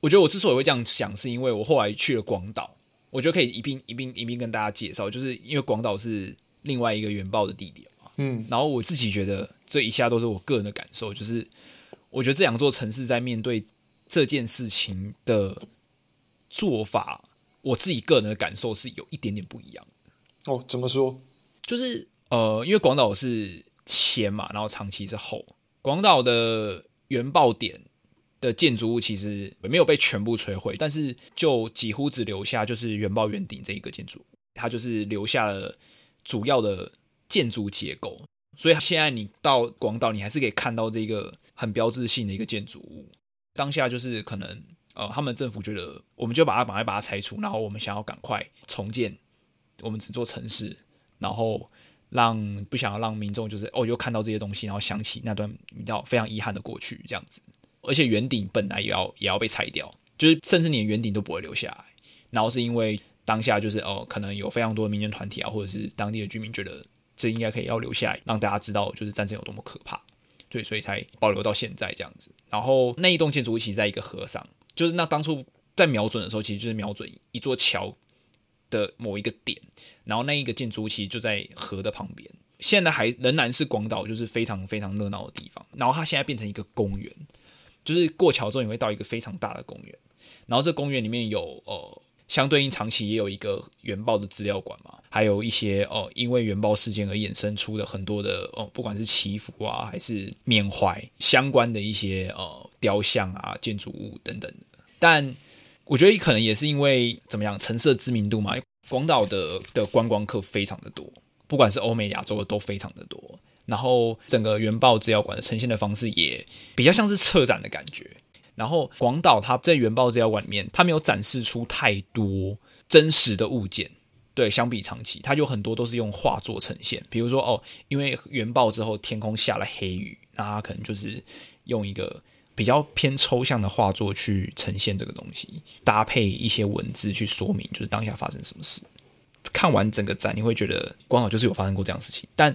我覺得我之所以會這樣想，是因為我後來去了廣島，我覺得可以一併一併一併跟大家介紹，就是因為廣島是另外一個原爆的地點。嗯，然後我自己覺得，這一下都是我個人的感受，就是我覺得這兩座城市在面對這件事情的做法，我自己個人的感受是有一點點不一樣。哦，怎麼說？就是呃，因為廣島是前嘛，然後長崎是後。廣島的原爆點的建築物其實沒有被全部摧毀，但是就幾乎只留下就是原爆圓頂這一個建築物，它就是留下了主要的，建築結構，所以現在你到廣島，你還是可以看到這一個很標誌性的一個建築物。當下就是可能，呃，他們政府覺得，我們就把它把它把它拆除，然後我們想要趕快重建我們整座城市，然後讓不想要讓民眾就是哦，又看到這些東西，然後想起那段比較非常遺憾的過去這樣子。而且圓頂本來也要也要被拆掉，就是甚至連圓頂都不會留下來。然後是因為當下就是哦、呃，可能有非常多的民間團體啊，或者是當地的居民覺得。這應該可以要留下來，讓大家知道就是戰爭有多麼可怕，對，所以才保留到現在這樣子。然後那一棟建築其實在一個河上，就是那當初在瞄準的時候，其實就是瞄準一座橋的某一個點，然後那一個建築其實就在河的旁邊。現在還仍然是廣島，就是非常非常熱鬧的地方。然後它現在變成一個公園，就是過橋之後你會到一個非常大的公園。然後這公園裡面有呃。相對應，長崎也有一個原爆的資料館嘛，還有一些哦、呃，因為原爆事件而衍生出的很多的哦、呃，不管是祈福啊，還是緬懷相關的一些呃雕像啊、建築物等等的。但我覺得可能也是因為怎麼樣，城市的知名度嘛，廣島的的觀光客非常的多，不管是歐美、亞洲的都非常的多。然後整個原爆資料館的呈現的方式也比較像是策展的感覺。然後廣島它在原爆資料館裡面，它沒有展示出太多真實的物件，對，相比長崎，它有很多都是用畫作呈現。比如說哦，因為原爆之後天空下了黑雨，那它可能就是用一個比較偏抽象的畫作去呈現這個東西，搭配一些文字去說明，就是當下發生什麼事。看完整個展，你會覺得廣島就是有發生過這樣的事情，但。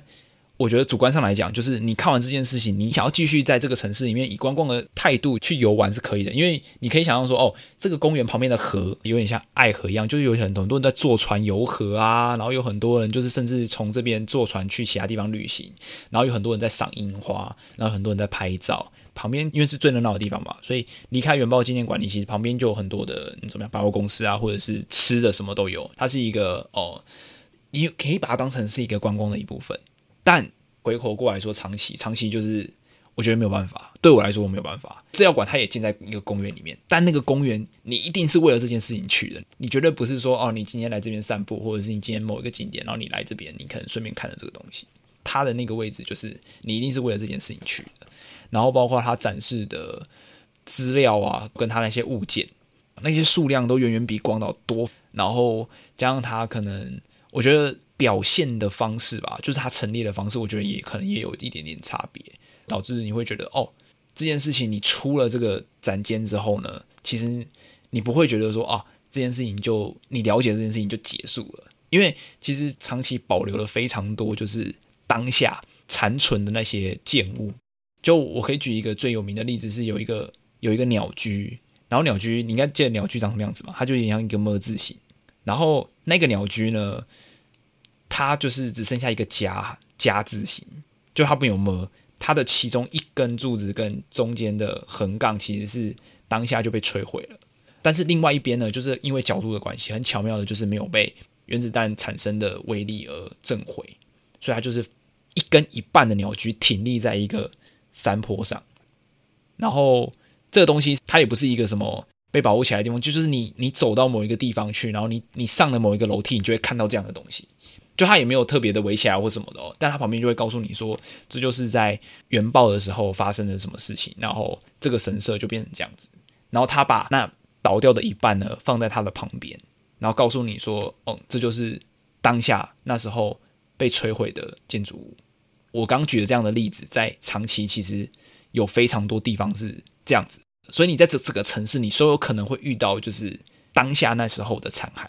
我覺得主觀上來講，就是你看完這件事情，你想要繼續在這個城市裡面以觀光的態度去遊玩是可以的，因為你可以想象說，哦，這個公園旁邊的河有點像愛河一樣，就是有很多很多人在坐船遊河啊，然後有很多人就是甚至從這邊坐船去其他地方旅行，然後有很多人在賞櫻花，然後很多人在拍照。旁邊因為是最熱鬧的地方嘛，所以離開原爆紀念館裡，你其實旁邊就有很多的你怎麼樣百貨公司啊，或者是吃的什麼都有。它是一個哦，你可以把它當成是一個觀光的一部分。但回過頭來說，長崎長崎就是，我覺得沒有辦法。對我來說，我沒有辦法。資料館它也建在一個公園裡面，但那個公園你一定是為了這件事情去的，你絕對不是說哦，你今天來這邊散步，或者是你今天某一個景點，然後你來這邊，你可能順便看了這個東西。它的那個位置就是你一定是為了這件事情去的，然後包括它展示的資料啊，跟它那些物件，那些數量都遠遠比廣島多，然後加上它可能。我覺得表現的方式吧，就是它陳列的方式，我覺得也可能也有一點點差別，導致你會覺得哦，這件事情你出了這個展間之後呢，其實你不會覺得說啊，這件事情就你了解這件事情就結束了，因為其實長期保留了非常多，就是當下殘存的那些建物。就我可以舉一個最有名的例子，是有一個有一個鳥居，然後鳥居你應該記得鳥居長什麼樣子嘛？它就像一個 “ㄇ” 字形，然後那個鳥居呢？它就是只剩下一個夾“加”加字形，就它沒有“麼”，它的其中一根柱子跟中間的橫槓其實是當下就被摧毀了。但是另外一邊呢，就是因為角度的關係，很巧妙的，就是沒有被原子彈產生的威力而震毀，所以它就是一根一半的鳥居挺立在一個山坡上。然後這個東西它也不是一個什麼被保護起來的地方，就是你你走到某一個地方去，然後你你上了某一個樓梯，你就會看到這樣的東西。就他也沒有特別的圍起來或什麼的、喔，但他旁邊就會告訴你說，這就是在原爆的時候發生了什麼事情，然後這個神社就變成這樣子，然後他把那倒掉的一半呢，放在他的旁邊，然後告訴你說，哦，這就是當下那時候被摧毀的建築物。我剛舉的這樣的例子，在長崎其實有非常多地方是這樣子，所以你在這整個城市，你所有可能會遇到就是當下那時候的殘骸。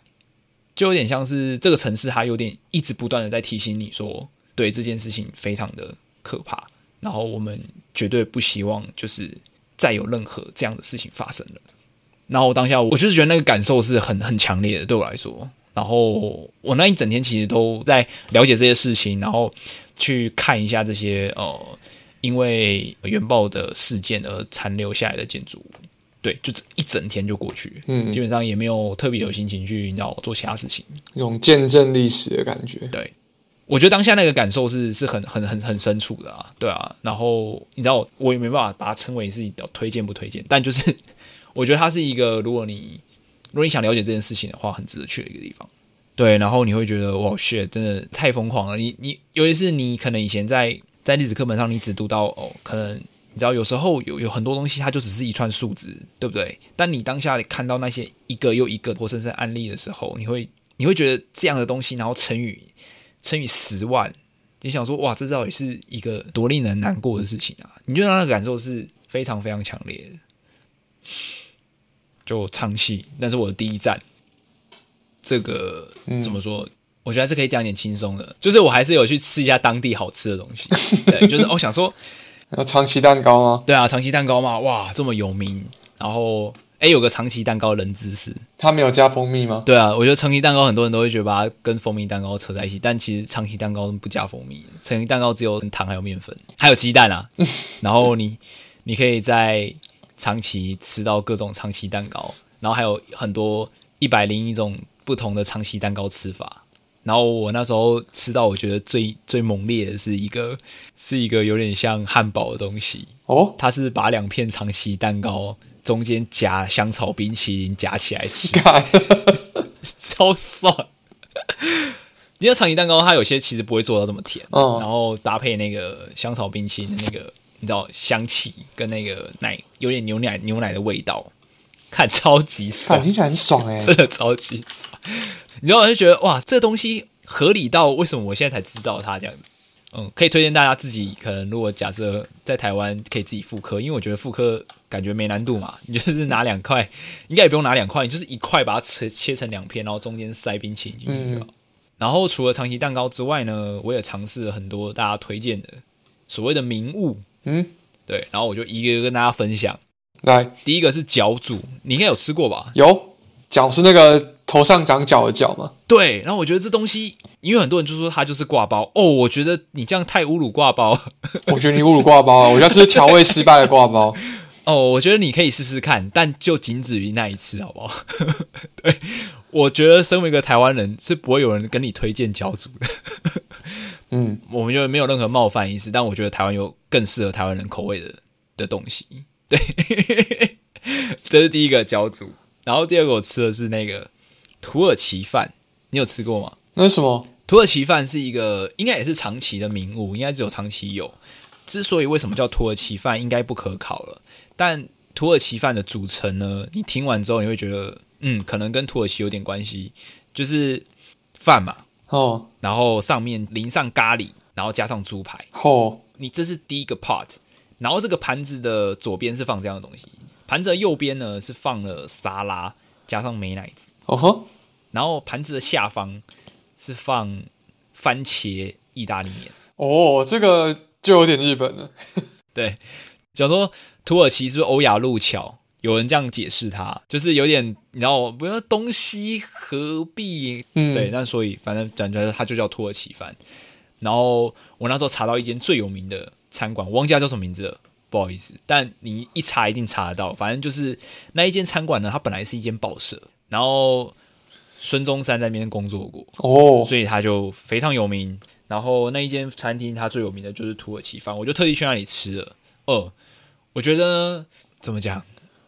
就有點像是這個城市，它有點一直不斷的在提醒你說，對這件事情非常的可怕，然後我們絕對不希望就是再有任何這樣的事情發生了。然後當下，我就是覺得那個感受是很很強烈的，對我來說。然後我那一整天其實都在了解這些事情，然後去看一下這些呃，因為原爆的事件而殘留下來的建築物。對，就這一整天就過去，嗯，基本上也沒有特別有心情去，你知道，做其他事情，那種見證歷史的感覺。對，我覺得當下那個感受是是很很很很深處的啊，對啊。然後你知道，我也沒辦法把它稱為自己的推薦不推薦，但就是我覺得它是一個，如果你如果你想了解這件事情的話，很值得去的一個地方。對，然後你會覺得哇，shit，真的太瘋狂了。你你，尤其是你可能以前在在歷史課本上你只讀到哦，可能。你知道，有時候有有很多東西，它就只是一串數字，對不對？但你當下看到那些一個又一個活生生案例的時候，你會你會覺得這樣的東西，然後乘以乘以十萬，你想說，哇，這到底是一個多令人難過的事情啊？你就讓他感受是非常非常強烈的。就唱戲，那是我的第一站。這個怎麼說？我覺得還是可以講點輕鬆的，就是我還是有去吃一下當地好吃的東西。對，就是我、哦、想說。要長崎蛋糕嗎？對啊，長崎蛋糕嘛，哇，這麼有名！然後，哎、欸，有個長崎蛋糕冷知識，它沒有加蜂蜜嗎？對啊，我覺得長崎蛋糕很多人都會覺得把它跟蜂蜜蛋糕扯在一起，但其實長崎蛋糕都不加蜂蜜，長崎蛋糕只有糖，還有麵粉，還有雞蛋啊。然後你 你可以在長崎吃到各種長崎蛋糕，然後還有很多一百零一種不同的長崎蛋糕吃法。然後我那時候吃到我覺得最最猛烈的是一個，是一個有點像漢堡的東西哦，它是把兩片長崎蛋糕中間夾香草冰淇淋夾起來吃， 超爽酸笑。你知道長崎蛋糕它有些其實不會做到這麼甜，哦，然後搭配那個香草冰淇淋的那個，你知道香氣跟那個奶有點牛奶牛奶的味道。看超級爽，聽起來很爽哎、欸，真的超級爽。你知道我就覺得哇，這個、東西合理到為什麼我現在才知道它這樣子？嗯，可以推薦大家自己，可能如果假設在台灣可以自己復刻，因為我覺得復刻感覺沒難度嘛。你就是拿兩塊、嗯，應該也不用拿兩塊，你就是一塊把它切切成兩片，然後中間塞冰淇淋進去就好，嗯嗯、然後除了長崎蛋糕之外呢，我也嘗試了很多大家推薦的所謂的名物。嗯，對，然後我就一個一個跟大家分享。來、right.，第一個是角煮，你應該有吃過吧？有，角是那個頭上長角的角嗎？對。然後我覺得這東西，因為很多人就說它就是刈包哦，我覺得你這樣太侮辱刈包。我覺得你侮辱刈包，我覺得是調味失敗的刈包。哦，我覺得你可以試試看，但就僅止於那一次，好不好？ 對，我覺得身為一個台灣人是不會有人跟你推薦角煮的。 嗯，我們就沒有任何冒犯意思，但我覺得台灣有更適合台灣人口味的的東西。對，這是第一個焦煮，然後第二個我吃的是那個土耳其飯，你有吃過嗎？那是什麼？土耳其飯是一個應該也是長崎的名物，應該只有長崎有。之所以為什麼叫土耳其飯，應該不可考了。但土耳其飯的組成呢？你聽完之後你會覺得，嗯，可能跟土耳其有點關係，就是飯嘛，哦，然後上面淋上咖喱，然後加上豬排，哦，你這是第一個 part。然後這個盤子的左邊是放這樣的東西，盤子的右邊呢是放了沙拉加上美乃滋哦吼，然後盤子的下方是放番茄意大利面哦，這個就有點日本了。 對，比方說土耳其是不是歐亞陸橋？有人這樣解釋它，就是有點然後比如說東西合璧？嗯、對，那所以反正講出來它就叫土耳其飯。然後我那時候查到一間最有名的。餐館，我忘記它叫什麼名字了，不好意思，但你一查一定查得到。反正就是那一間餐館呢，它本來是一間報社，然後孫中山在那邊工作過哦，所以他就非常有名。然後那一間餐廳，它最有名的就是土耳其飯，我就特地去那裡吃了。哦、呃，我覺得怎麼講？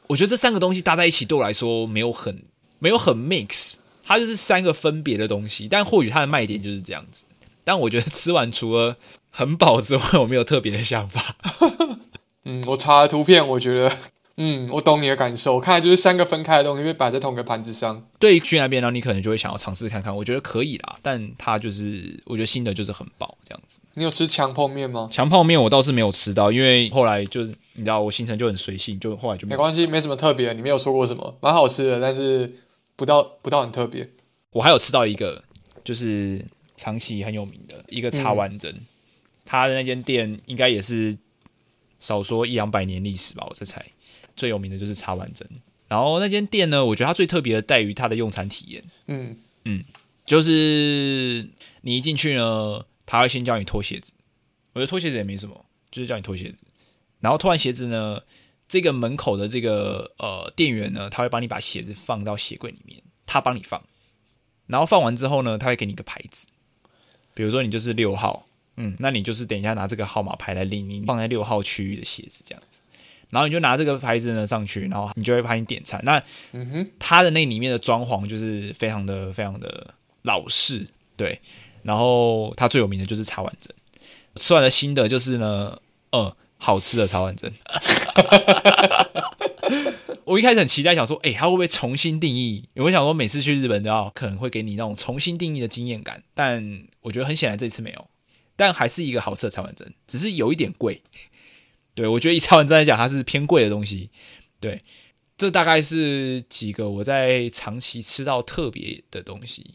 我覺得這三個東西搭在一起，對我來說沒有很沒有很 mix，它就是三個分別的東西。但或許它的賣點就是這樣子。但我覺得吃完除了很飽之外，我沒有特別的想法。 嗯，我查了圖片，我覺得，嗯，我懂你的感受。我看來就是三個分開的東西被擺在同一個盤子上，對，去那邊，然後你可能就會想要嘗試看看。我覺得可以啦，但它就是我覺得新的就是很飽這樣子。你有吃強泡麵嗎？強泡麵我倒是沒有吃到，因為後來就是你知道我行程就很隨性，就後來就沒，沒關係，沒什麼特別，你沒有錯過什麼，蠻好吃的，但是不到不到很特別。我還有吃到一個，就是長崎很有名的一個茶碗蒸。嗯他的那間店應該也是少說一兩百年歷史吧，我猜最有名的就是茶碗蒸。然後那間店呢，我覺得它最特別的在於它的用餐體驗。嗯嗯，就是你一進去呢，他會先叫你脫鞋子。我覺得脫鞋子也沒什麼，就是叫你脫鞋子。然後脫完鞋子呢，這個門口的這個呃店員呢，他會幫你把鞋子放到鞋櫃裡面，他幫你放。然後放完之後呢，他會給你一個牌子，比如說你就是六號。嗯，那你就是等一下拿這個號碼牌來領，你放在六號區域的鞋子這樣子，然後，你就拿這個牌子呢上去，然後你就會幫你點餐。那，嗯哼，他的那裡面的裝潢就是非常的非常的老式，對。然後他最有名的就是茶碗蒸，吃完的心得就是呢，呃，好吃的茶碗蒸。 我一開始很期待想說，誒、欸，它會不會重新定義？因為想說每次去日本都要可能會給你那種重新定義的經驗感，但我覺得很顯然這次沒有。但還是一個好吃的茶碗蒸，只是有一點貴。對，我覺得以茶碗蒸來講，它是偏貴的東西。對，這大概是幾個我在長崎吃到特別的東西。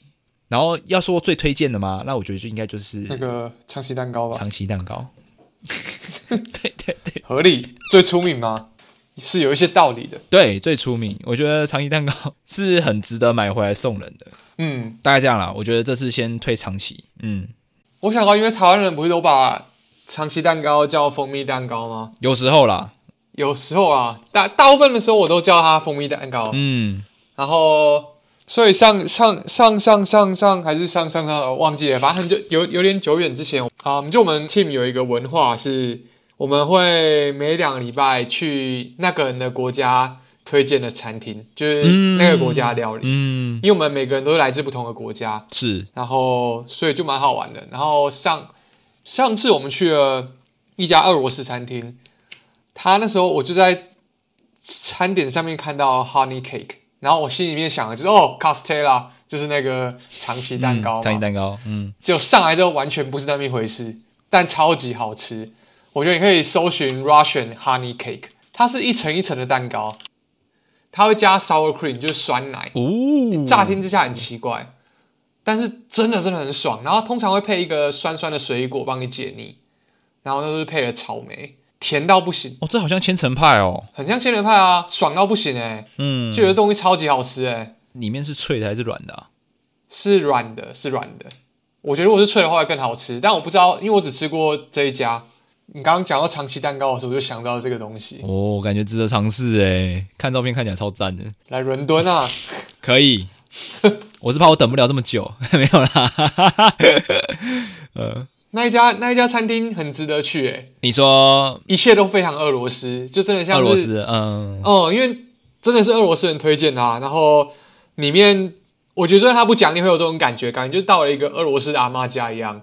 然後要說最推薦的嘛，那我覺得就應該就是那個長崎蛋糕吧。那個、長崎蛋糕，對對對，合理最出名嗎？ 是有一些道理的。對，最出名，我覺得長崎蛋糕是很值得買回來送人的。嗯，大概這樣啦。我覺得這次先推長崎。嗯。我想到、啊，因為台灣人不是都把長崎蛋糕叫蜂蜜蛋糕嗎？有時候啦，有時候啊，大大部分的時候我都叫它蜂蜜蛋糕。嗯，然後所以上上上上上上還是上上上,上、啊，忘記了，反正很久有有點久遠之前，好，我們就我們 team 有一個文化是，我們會每兩個禮拜去那個人的國家。推薦的餐廳就是那個國家料理。嗯，嗯，因為我們每個人都是來自不同的國家，是，然後所以就蠻好玩的。然後上上次我們去了一家俄羅斯餐廳，他那時候我就在餐點上面看到 honey cake，然後我心裡面想的就是哦 Castella 就是那個長崎蛋糕，嗯、長崎蛋糕。嗯，就上來就完全不是那麼一回事，但超級好吃。我覺得你可以搜尋 Russian honey cake，它是一層一層的蛋糕。它會加 sour cream，就是酸奶。你、哦、乍聽之下很奇怪，嗯、但是真的真的很爽。然後通常會配一個酸酸的水果幫你解膩，然後都是配了草莓，甜到不行。哦，這好像千層派哦，很像千層派啊，爽到不行誒、欸、嗯，就有這東西超級好吃誒、欸、裡面是脆的還是軟的，、啊、的？是軟的，是軟的。我覺得如果是脆的話會更好吃，但我不知道，因為我只吃過這一家。你剛剛講到長崎蛋糕的時候，我就想到這個東西哦，我感覺值得嘗試哎。看照片看起來超讚的，來倫敦啊？可以， 我是怕我等不了這麼久， 沒有啦。呃、 嗯，那一家那一家餐廳很值得去哎。你說一切都非常俄羅斯，就真的像是俄羅斯，嗯哦、嗯，因為真的是俄羅斯人推薦他，然後裡面我覺得雖然他不講，你會有這種感覺，感覺就到了一個俄羅斯的阿媽家一樣。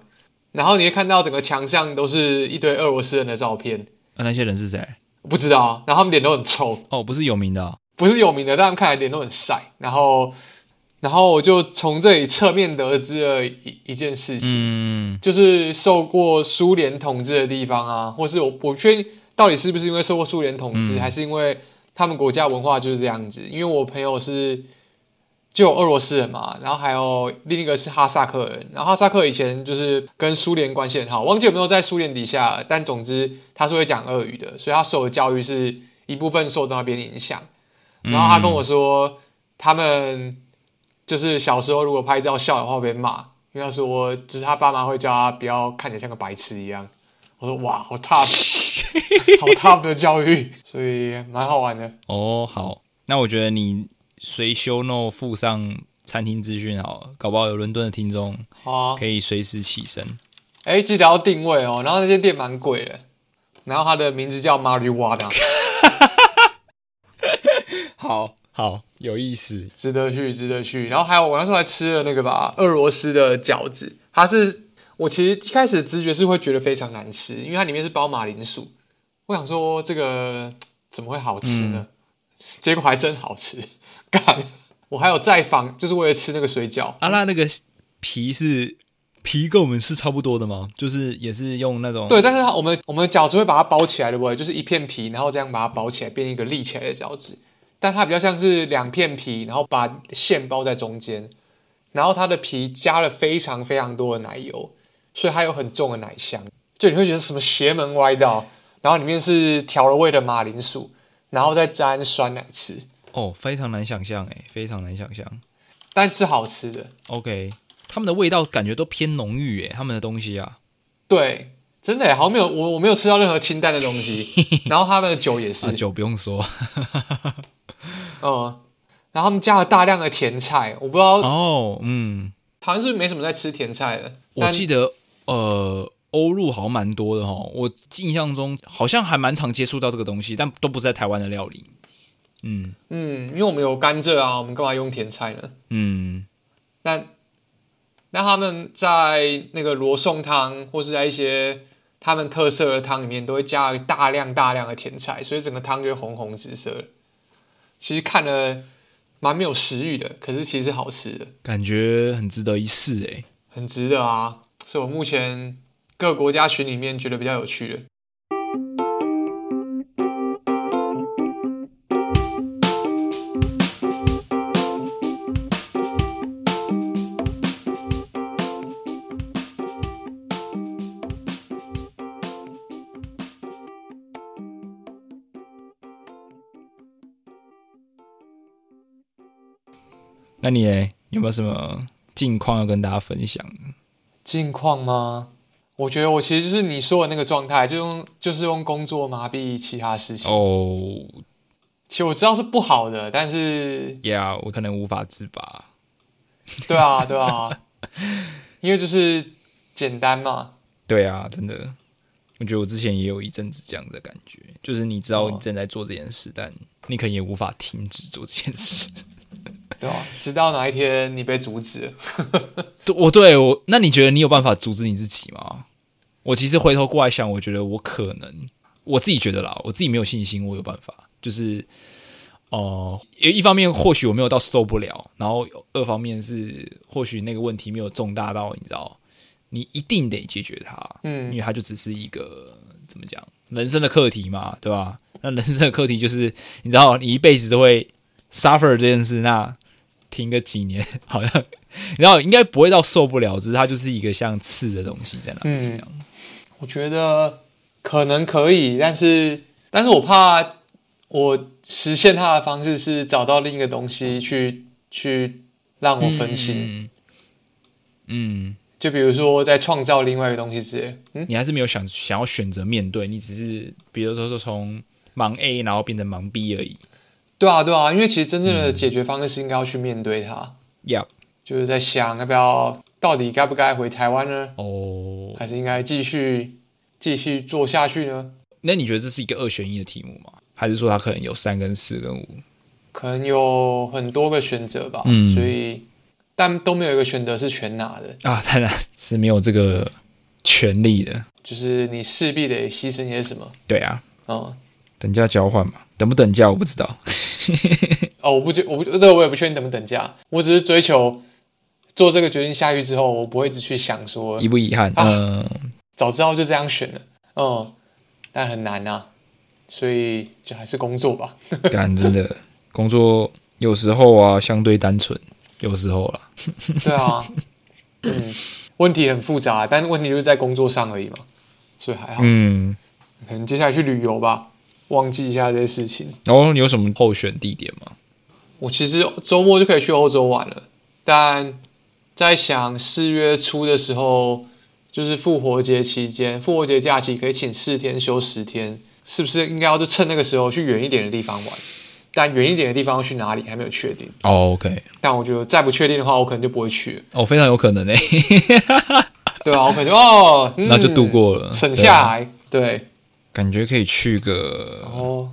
然後你會看到整個牆上都是一堆俄羅斯人的照片、啊，那那些人是誰？不知道。然後他們臉都很臭哦，不是有名的、啊，不是有名的，但他們看起來臉都很曬。然後，然後我就從這裡側面得知了一一件事情、嗯，就是受過蘇聯統治的地方啊，或是我我不確定到底是不是因為受過蘇聯統治、嗯，還是因為他們國家文化就是這樣子？因為我朋友是。就有俄羅斯人嘛，然後還有另一個是哈薩克人。然後哈薩克以前就是跟蘇聯關係很好，忘記有沒有在蘇聯底下，但總之他是會講俄語的，所以他受的教育是一部分受到那邊影響。然後他跟我說、嗯，他們就是小時候如果拍照笑的話會被罵，因為他說只是他爸媽會教他不要看起來像個白痴一樣。我說哇，好 tough，好 tough 的教育，所以蠻好玩的。哦，好，那我覺得你。隨修，弄附上餐廳資訊，好，搞不好有倫敦的聽眾啊，可以隨時起身。哎、欸，記得要定位哦。然後那間店蠻貴的，然後它的名字叫 Marivanna， 好好有意思，值得去，值得去。然後還有我那時候還吃了那個吧，俄羅斯的餃子，它是我其實一開始直覺是會覺得非常難吃，因為它裡面是包馬鈴薯，我想說這個怎麼會好吃呢？嗯、結果還真好吃。幹，我還有再放，就是為了吃那個水餃。阿、啊、拉那個皮是皮跟我們是差不多的嗎？就是也是用那種對，但是我們我們餃子會把它包起來的，對不對，就是一片皮，然後這樣把它包起來，變一個立起來的餃子。但它比較像是兩片皮，然後把餡包在中間，然後它的皮加了非常非常多的奶油，所以它有很重的奶香，就你會覺得什麼邪門歪道。然後裡面是調了味的馬鈴薯，然後再沾酸奶吃。哦，非常難想象哎，非常難想象，但吃好吃的。OK，他們的味道感覺都偏濃郁哎，他們的東西啊，對，真的哎，好像沒有我我沒有吃到任何清淡的東西， 然後他們的酒也是，啊、酒不用說， 嗯，然後他們加了大量的甜菜，我不知道哦，oh, 嗯，好像是，是沒什麼在吃甜菜的。我記得呃，歐陸好像蠻多的哦，我印象中好像還蠻常接觸到這個東西，但都不是在台灣的料理。嗯嗯，因為我們有甘蔗啊，我們幹嘛用甜菜呢？嗯，那那他們在那個羅宋湯或是在一些他們特色的湯裡面，都會加大量大量的甜菜，所以整個湯就紅紅紫色了。其實看了蠻沒有食欲的，可是其實是好吃的，感覺很值得一試誒、欸，很值得啊！是我目前各個國家群裡面覺得比較有趣的。那你呢？有沒有什麼近況要跟大家分享？近況嗎？我覺得我其實就是你說的那個狀態，就用就是用工作麻痹其他事情。哦，其實我知道是不好的，但是，呀，我可能無法自拔。對啊，對啊， 因為就是簡單嘛。對啊，真的，我覺得我之前也有一陣子這樣的感覺，就是你知道你正在做這件事，oh. 但你可能也無法停止做這件事。對啊，直到哪一天你被阻止， 對，我對我，那你覺得你有辦法阻止你自己嗎？我其實回頭過來想，我覺得我可能我自己覺得啦，我自己沒有信心，我有辦法，就是哦、呃，有一方面或許我沒有到受不了，然後二方面是或許那個問題沒有重大到，你知道，你一定得解決它，嗯，因為它就只是一個怎麼講人生的課題嘛，對吧？那人生的課題就是你知道，你一輩子都會 suffer 這件事，那。聽個幾年，好像然後應該不會到受不了，只是它就是一個像刺的東西在那裡。嗯，我覺得可能可以，但是但是我怕我實現它的方式是找到另一個東西去、嗯、去讓我分心、嗯。嗯，就比如說在創造另外一個東西之類。嗯，你還是沒有想想要選擇面對，你只是比如說從忙 A 然後變成忙 B 而已。對啊，對啊，因為其實真正的解決方式是應該要去面對它。Yeah，嗯，就是在想，要不要到底該不該回台灣呢？哦，還是應該繼續繼續做下去呢？那你覺得這是一個二選一的題目嗎？還是說它可能有三跟四跟五？可能有很多個選擇吧，嗯，所以但都沒有一個選擇是全拿的啊，當然是沒有這個權利的，就是你勢必得犧牲一些什麼，對啊，嗯。等價交換嘛？等不等價，我不知道。哦，我不覺，我不對，我也不確定等不等價。我只是追求做這個決定下去之後，我不會一直去想說遺不遺憾、啊、嗯。早知道就這樣選了，嗯，但很難啊，所以就還是工作吧感。當然真的工作有時候啊，相對單純，有時候了。對啊， 嗯，問題很複雜、啊，但問題就是在工作上而已嘛，所以還好。嗯，可能接下來去旅遊吧。忘記一下這些事情。然、哦、後你有什麼候選地點嗎？我其實周末就可以去歐洲玩了，但在想四月初的時候，就是復活節期間，復活節假期可以請四天休十天，是不是應該要就趁那個時候去遠一點的地方玩？但遠一點的地方要去哪裡還沒有確定。哦、OK，但我覺得再不確定的話，我可能就不會去了。哦，非常有可能呢、欸。 對啊，我可能就哦、嗯，那就度過了，省下來，對、啊。對感覺可以去個哦，oh.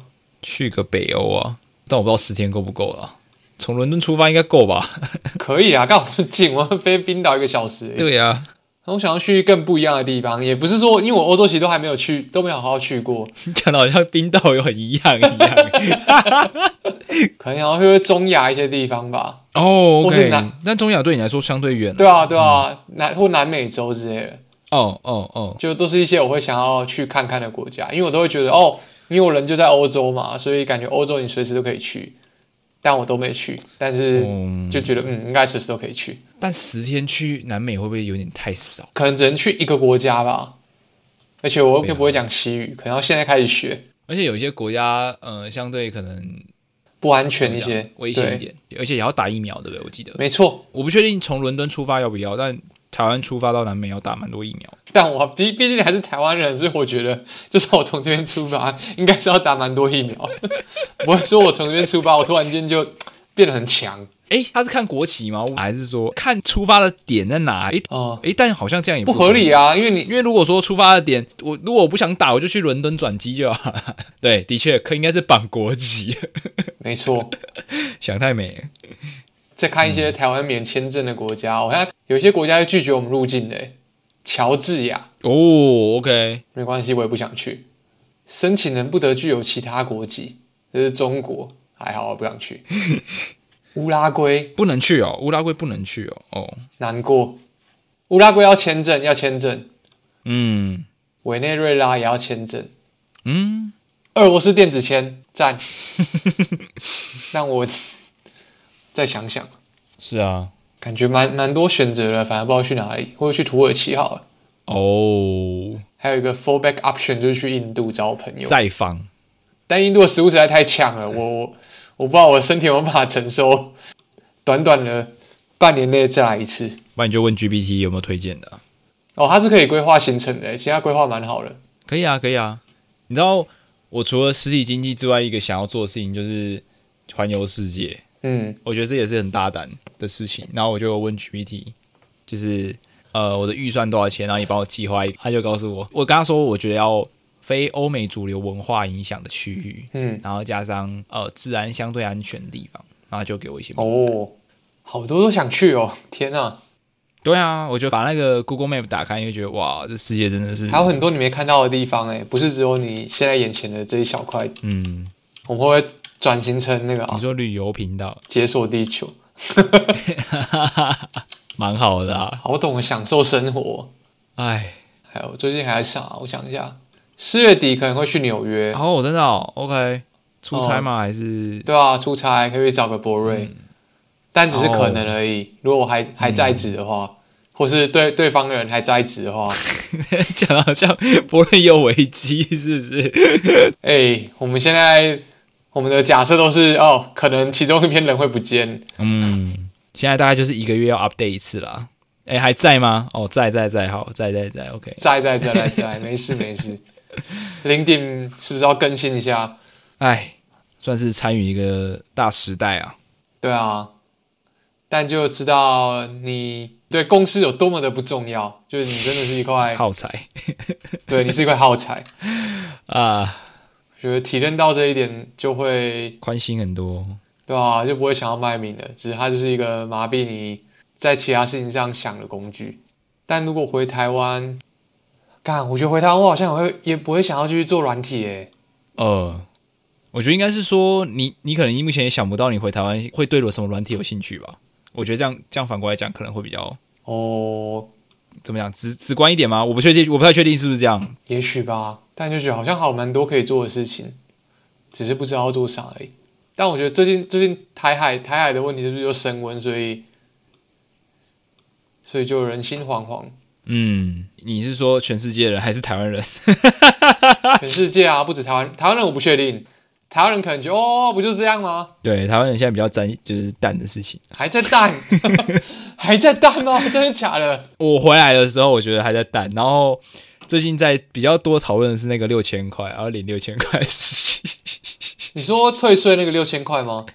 去個北歐啊，但我不知道十天夠不夠了。從倫敦出發應該夠吧？可以啊，剛好近、啊，我們飛冰島一個小時。對啊，我想要去更不一樣的地方，也不是說因為我歐洲其實都還沒有去，都沒好好去過。講的好像冰島又很一樣一樣 ， 可能想要去個中亞一些地方吧。哦、oh,，OK，但中亞對你來說相對遠、啊。對啊，對啊，嗯、南或南美洲之類的。哦哦哦，就都是一些我會想要去看看的國家，因為我都會覺得哦，因為我人就在歐洲嘛，所以感覺歐洲你隨時都可以去，但我都沒去，但是就覺得嗯，嗯，應該隨時都可以去。但十天去南美會不會有點太少？可能只能去一個國家吧，而且我又不會講西語，可能要現在開始學。而且有一些國家，嗯、呃，相對可能不安全一些，危險一點，而且也要打疫苗，對不對？我記得沒錯，我不確定從倫敦出發要不要，但。台灣出發到南美要打蠻多疫苗，但我畢畢竟還是台灣人，所以我覺得就算我從這邊出發，應該是要打蠻多疫苗。 不會說我從這邊出發， 我突然間就變得很強。哎、欸，他是看國籍嗎？還是說看出發的點在哪？哎、欸、哦、欸，但好像這樣也不合理啊，理啊，因為你，因為如果說出發的點，我如果我不想打，我就去倫敦轉機就好、啊。 對，的確，可應該是綁國籍。 沒錯，想太美。再看一些台灣免簽證的國家，我、嗯、看、哦、有些國家會拒絕我們入境的。喬治亞，哦，OK，沒關係，我也不想去。申請人不得具有其他國籍，這是中國，還好，我不想去。烏 拉圭，不能去哦，烏拉圭不能去哦，哦，難過。烏拉圭要簽證，要簽證。嗯，委內瑞拉也要簽證。嗯，俄羅斯電子簽，讚。那 我。再想想，是啊，感覺蠻蠻多選擇的，反而不知道去哪裡。或者去土耳其好了。哦，嗯、還有一個 fallback option 就是去印度找我朋友在訪，但印度的食物實在太嗆了，我我不知道我的身體有沒有辦法承受。短短的半年內再來一次，那你就問 GPT 有沒有推薦的？啊？哦，它是可以規劃行程的，其實它規劃蠻好的。可以啊，可以啊。你知道我除了實體經濟之外，一個想要做的事情就是環遊世界。嗯嗯，我覺得這也是很大膽的事情。然後我就問 GPT，就是呃，我的預算多少錢？然後你幫我計劃一個。他就告訴我，我剛剛說我覺得要非歐美主流文化影響的區域，嗯，然後加上呃自然相對安全的地方，然後就給我一些哦。好多都想去哦，天啊，對啊，我就把那個 Google Map 打開，就覺得哇，這世界真的是還有很多你沒看到的地方哎，欸，不是只有你現在眼前的這一小塊，嗯，我們會不會。轉型成那個你說旅遊頻道，啊、解鎖地球，哈哈哈哈哈，蠻好的啊，好懂享受生活，哎，還有最近還想，我想一下，四月底可能會去紐約，然後我真的、哦、OK 出差嗎？哦、還是對啊，出差可以去找個博瑞、嗯，但只是可能而已。如果我還還在職的話、嗯，或是對對方的人還在職的話，講 好像博瑞有危機是不是？哎、 欸，我們現在。我們的假設都是哦，可能其中一邊人會不見。嗯，現在大概就是一個月要 update 一次啦。哎，還在嗎？哦，在在在，好，在在在，OK，在在在在，在 沒，沒事沒事。LinkedIn 是不是要更新一下？哎，算是參與一個大時代啊。對啊，但就知道你對公司有多麼的不重要，就是你真的是一塊耗材。 耗材 對，你是一塊耗材啊。覺得體認到這一點，就會寬心很多，對啊，就不會想要賣命的。只是它就是一個麻痹你在其他事情上想的工具。但如果回台灣，幹，我覺得回台灣我好像也會也不會想要繼續做軟體誒、欸。呃，我覺得應該是說你你可能目前也想不到你回台灣會對什麼軟體有興趣吧。我覺得這樣這樣反過來講可能會比較哦。怎麼樣？直直觀一點嗎？我不確定，我不太確定是不是這樣。也許吧，但就覺得好像還蠻多可以做的事情，只是不知道要做啥而已。但我覺得最近最近台海台海的問題是不是又升溫，所以所以就人心惶惶。嗯，你是說全世界人還是台灣人？ 全世界啊，不止台灣，台灣人我不確定。台灣人可能覺得哦，不就是這樣嗎？對，台灣人現在比較沾就是蛋的事情，還在蛋， 還在蛋哦，真的假的？我回來的時候，我覺得還在蛋。然後最近在比較多討論的是那個六千塊，然後領六千塊的事情。 你說退稅那個六千塊嗎？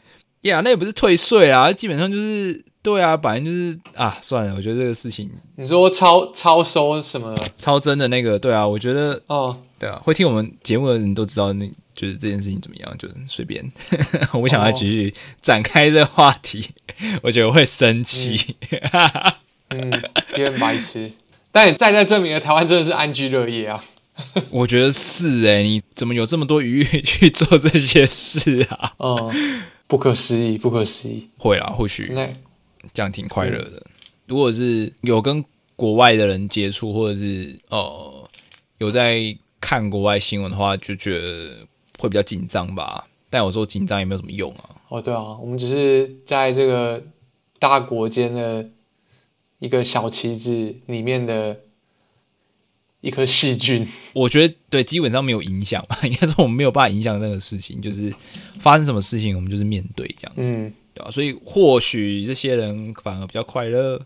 呀、yeah，那也不是退稅啊，基本上就是對啊，反正就是啊，算了，我覺得這個事情。你說超超收什麼超徵的那個？對啊，我覺得哦，對啊，會聽我們節目的人都知道那。就是這件事情怎麼樣，就是隨便。 我不想再繼續展開這個話題哦哦，我覺得會生氣。嗯，因、嗯、為白痴。 但再再證明了，台灣真的是安居樂業啊。 我覺得是哎、欸，你怎麼有這麼多餘裕去做這些事啊？哦，不可思議，不可思議。會啦，或許。這樣挺快樂的、嗯。如果是有跟國外的人接觸，或者是哦、呃、有在看國外新聞的話，就覺得。會比較緊張吧，但有時候緊張也沒有什麼用啊。哦，對啊，我們只是在這個大國間的一個小棋子裡面的一顆細菌。我覺得對，基本上沒有影響，應該說我們沒有辦法影響那個事情，就是發生什麼事情，我們就是面對這樣。嗯，對吧？所以或許這些人反而比較快樂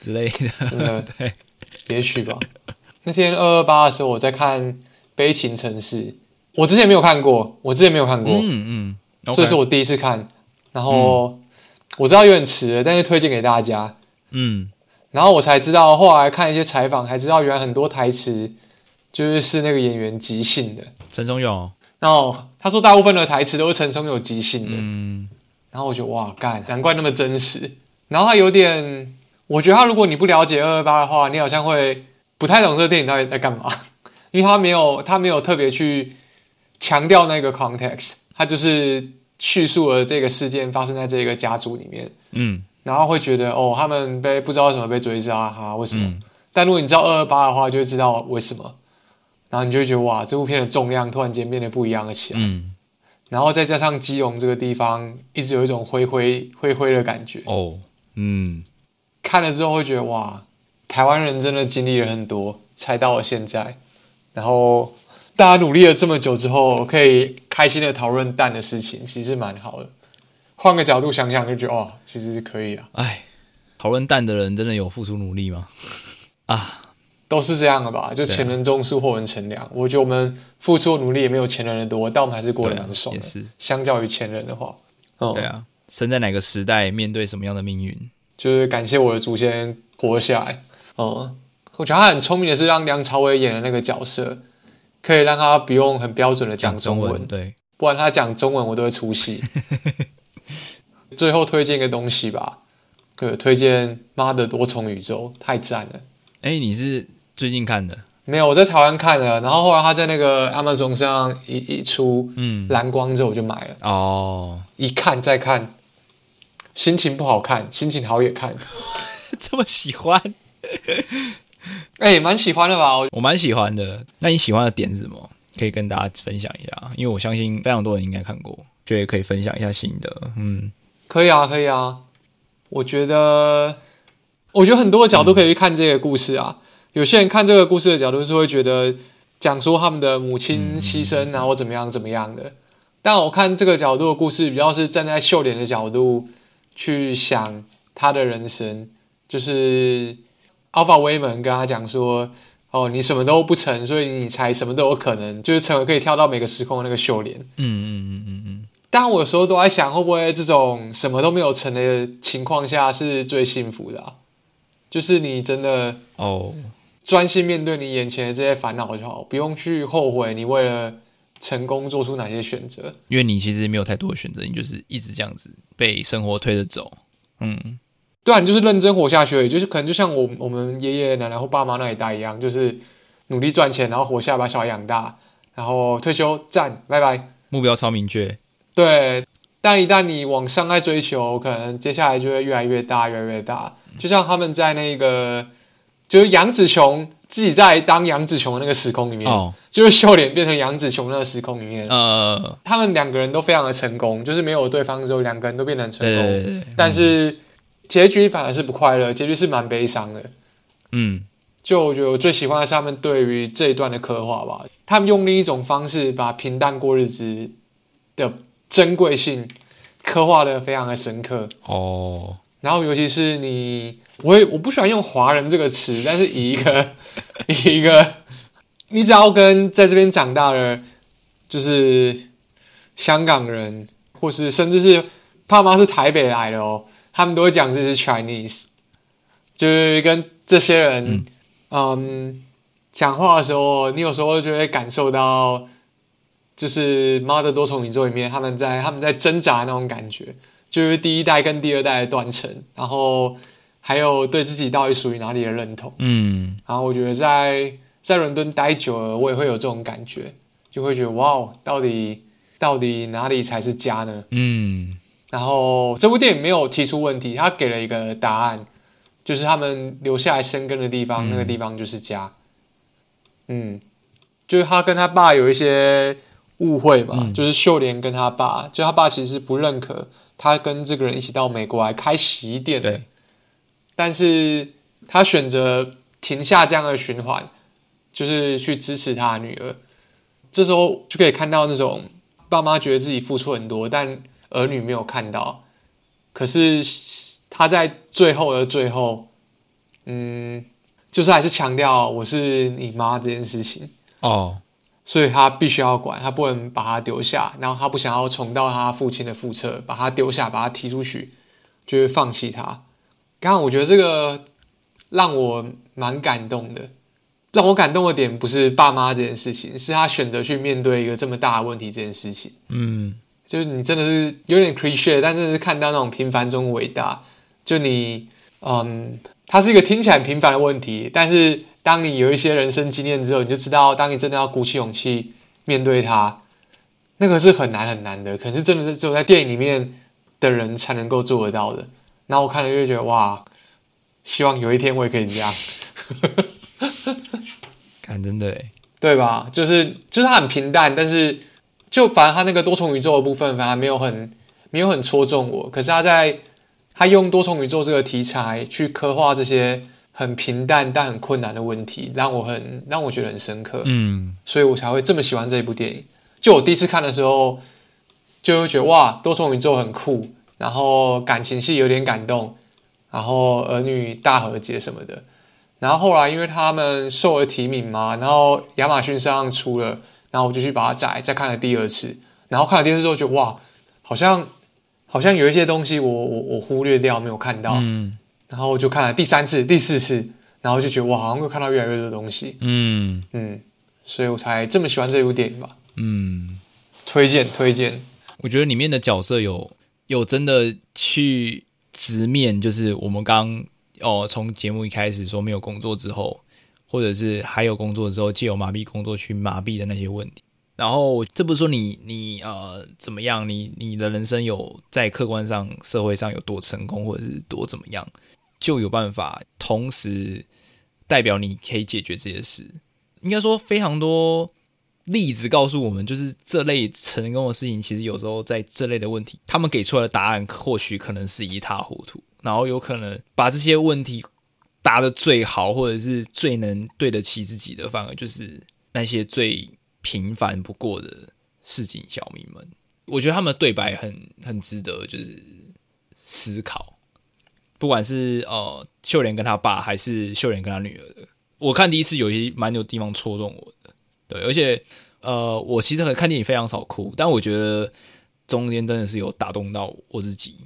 之類的，真的對，也許吧。 那天二二八的時候，我在看《悲情城市》。我之前沒有看過，我之前沒有看過，嗯嗯，所以是我第一次看。嗯、然後我知道有點遲了，但是推薦給大家，嗯。然後我才知道，後來看一些採訪，才知道原來很多台詞就是是那個演員即興的，陳松勇。然後他說，大部分的台詞都是陳松勇即興的。嗯。然後我覺得哇，幹，難怪那麼真實。然後他有點，我覺得他如果你不了解二二八的話，你好像會不太懂這個電影到底在幹嘛，因為他沒有，他沒有特別去。強調那個 context，他就是敘述了這個事件發生在這個家族裡面，嗯，然後會覺得哦，他們被不知道為什麼被追殺，哈、啊，為什麼、嗯？但如果你知道二二八的話，就會知道為什麼。然後你就會覺得哇，這部片的重量，突然間變得不一樣了起來，嗯。然後再加上基隆這個地方，一直有一種灰灰灰灰的感覺。哦，嗯，看了之後會覺得哇，台灣人真的經歷了很多，才到了現在。然後。大家努力了這麼久之後，可以開心的討論蛋的事情，其實蠻好的。換個角度想想，就覺得哦，其實是可以啊。哎，討論蛋的人真的有付出努力嗎？ 啊，都是這樣的吧。就前人種樹，後人乘涼、對啊。我覺得我們付出的努力也沒有前人的多，但我們還是過得很爽，對啊。也是，相較於前人的話，嗯、對啊。生在哪個時代，面對什麼樣的命運，就是感謝我的祖先活下來。哦、嗯，我覺得他很聰明的是讓梁朝偉演的那個角色。可以讓他不用很標準的講中文，欸、中文，對，不然他講中文我都會出戲。 最後推薦一個東西吧，對，推薦《媽的多重宇宙》，太讚了！哎、欸，你是最近看的？沒有，我在台灣看的，然後後來他在那個 Amazon 上一一出嗯藍光之後我就買了哦、嗯，一看再看，心情不好看，心情好也看， 這麼喜歡。 哎、欸，蠻喜歡的吧？我蠻喜歡的。那你喜歡的點是什麼？可以跟大家分享一下，因為我相信非常多人應該看過，覺得也可以分享一下心得。嗯，可以啊，可以啊。我覺得，我覺得很多的角度可以去看這個故事啊。嗯、有些人看這個故事的角度是會覺得，講述他們的母親犧牲、嗯、然後怎麼樣怎麼樣的。但我看這個角度的故事，比較是站在秀蓮的角度去想他的人生，就是。Alpha Waymond 跟他講說：“哦，你什麼都不成，所以你才什麼都有可能，就是成為可以跳到每個時空的那個秀蓮。”嗯嗯嗯嗯嗯。但我有時候都在想，會不會這種什麼都沒有成的情況下是最幸福的啊？就是你真的哦，專心面對你眼前的這些煩惱就好，不用去後悔你為了成功做出哪些選擇，因為你其實沒有太多的選擇，你就是一直這樣子被生活推着走。嗯。對、啊，你就是認真活下去，就是可能就像我，我們爺爺奶奶或爸媽那一代一樣，就是努力賺錢，然後活下來把小孩養大，然後退休，賺，拜拜。目標超明確。對，但一旦你往上在追求，可能接下來就會越來越大，越來越大。就像他們在那個，就是楊紫瓊自己在當楊紫瓊的那個時空裡面，哦、就是秀蓮變成楊紫瓊的那個時空裡面，呃，他們兩個人都非常的成功，就是沒有對方之後，兩個人都變得很成功對對對對，但是。嗯結局反而是不快樂，結局是蠻悲傷的。嗯，就我覺得我最喜歡的是他們對於這一段的刻畫吧。他們用另一種方式把平淡過日子的珍貴性刻畫得非常的深刻哦。然後尤其是你，我也我不喜歡用華人這個詞，但是以一個 以一個，你只要跟在這邊長大的，就是香港人，或是甚至是爸媽是台北來的哦。他們都會講自己是 Chinese，就是跟這些人嗯，嗯，講話的時候，你有時候就會感受到，就是媽的多重宇宙裡面他們在他們在掙扎那種感覺，就是第一代跟第二代的斷層，然後還有對自己到底屬於哪裡的認同，嗯，然後我覺得在在倫敦待久了，我也會有這種感覺，就會覺得哇、哦，到底到底哪裡才是家呢？嗯。然後這部電影沒有提出問題，他給了一個答案，就是他們留下來生根的地方，嗯、那個地方就是家。嗯，就是他跟他爸有一些誤會嘛、嗯，就是秀蓮跟他爸，就他爸其實不認可他跟這個人一起到美國來開洗衣店的，對、但是他選擇停下這樣的循環，就是去支持他的女兒。這時候就可以看到那種爸媽覺得自己付出很多，但兒女沒有看到，可是他在最後的最後，嗯，就是還是強調我是你媽這件事情哦，oh. 所以他必須要管，他不能把他丟下，然後他不想要重蹈他父親的覆轍，把他丟下，把他踢出去，就會放棄他。剛剛我覺得這個讓我蠻感動的，讓我感動的點不是爸媽這件事情，是他選擇去面對一個這麼大的問題這件事情，嗯、mm.。就是你真的是有點 creepy，但真的是看到那種平凡中偉大。就你，嗯，它是一個聽起來很平凡的問題，但是當你有一些人生經驗之後，你就知道，當你真的要鼓起勇氣面對它，那個是很難很難的。可是真的是只有在電影裡面的人才能夠做得到的。那我看了就覺得哇，希望有一天我也可以這樣。 看真的，對吧？就是就是它很平淡，但是。就反正他那個多重宇宙的部分，反而沒有很沒有很戳中我。可是他在他用多重宇宙這個題材去刻畫這些很平淡但很困難的問題，讓我很讓我覺得很深刻。嗯，所以我才會這麼喜歡這一部電影。就我第一次看的時候，就會覺得哇，多重宇宙很酷，然後感情戲有點感動，然後兒女大和解什麼的。然後後來因為他們受了提名嘛，然後亞馬遜上出了。然後我就去把它摘，再看了第二次，然後看了第二次之後，覺得哇，好像好像有一些東西我我我忽略掉沒有看到，嗯，然後我就看了第三次、第四次，然後就覺得哇，好像又看到越來越多東西，嗯嗯，所以我才這麼喜歡這部電影吧，嗯，推薦推薦，我覺得裡面的角色有有真的去直面，就是我們剛哦從節目一開始說沒有工作之後。或者是還有工作的時候，藉由麻痹工作去麻痹的那些問題。然後這不是說你你呃怎麼樣，你你的人生有在客觀上社會上有多成功，或者是多怎麼樣，就有辦法同時代表你可以解決這些事。應該說非常多例子告訴我們，就是這類成功的事情，其實有時候在這類的問題，他們給出來的答案或許可能是一塌糊塗，然後有可能把這些問題。答得最好，或者是最能對得起自己的，反而就是那些最平凡不過的市井小民們。我覺得他們的對白很很值得，就是思考。不管是呃秀蓮跟他爸，還是秀蓮跟他女兒的，我看第一次有些蠻有地方戳中我的。對，而且呃，我其實看電影非常少哭，但我覺得中間真的是有打動到我自己，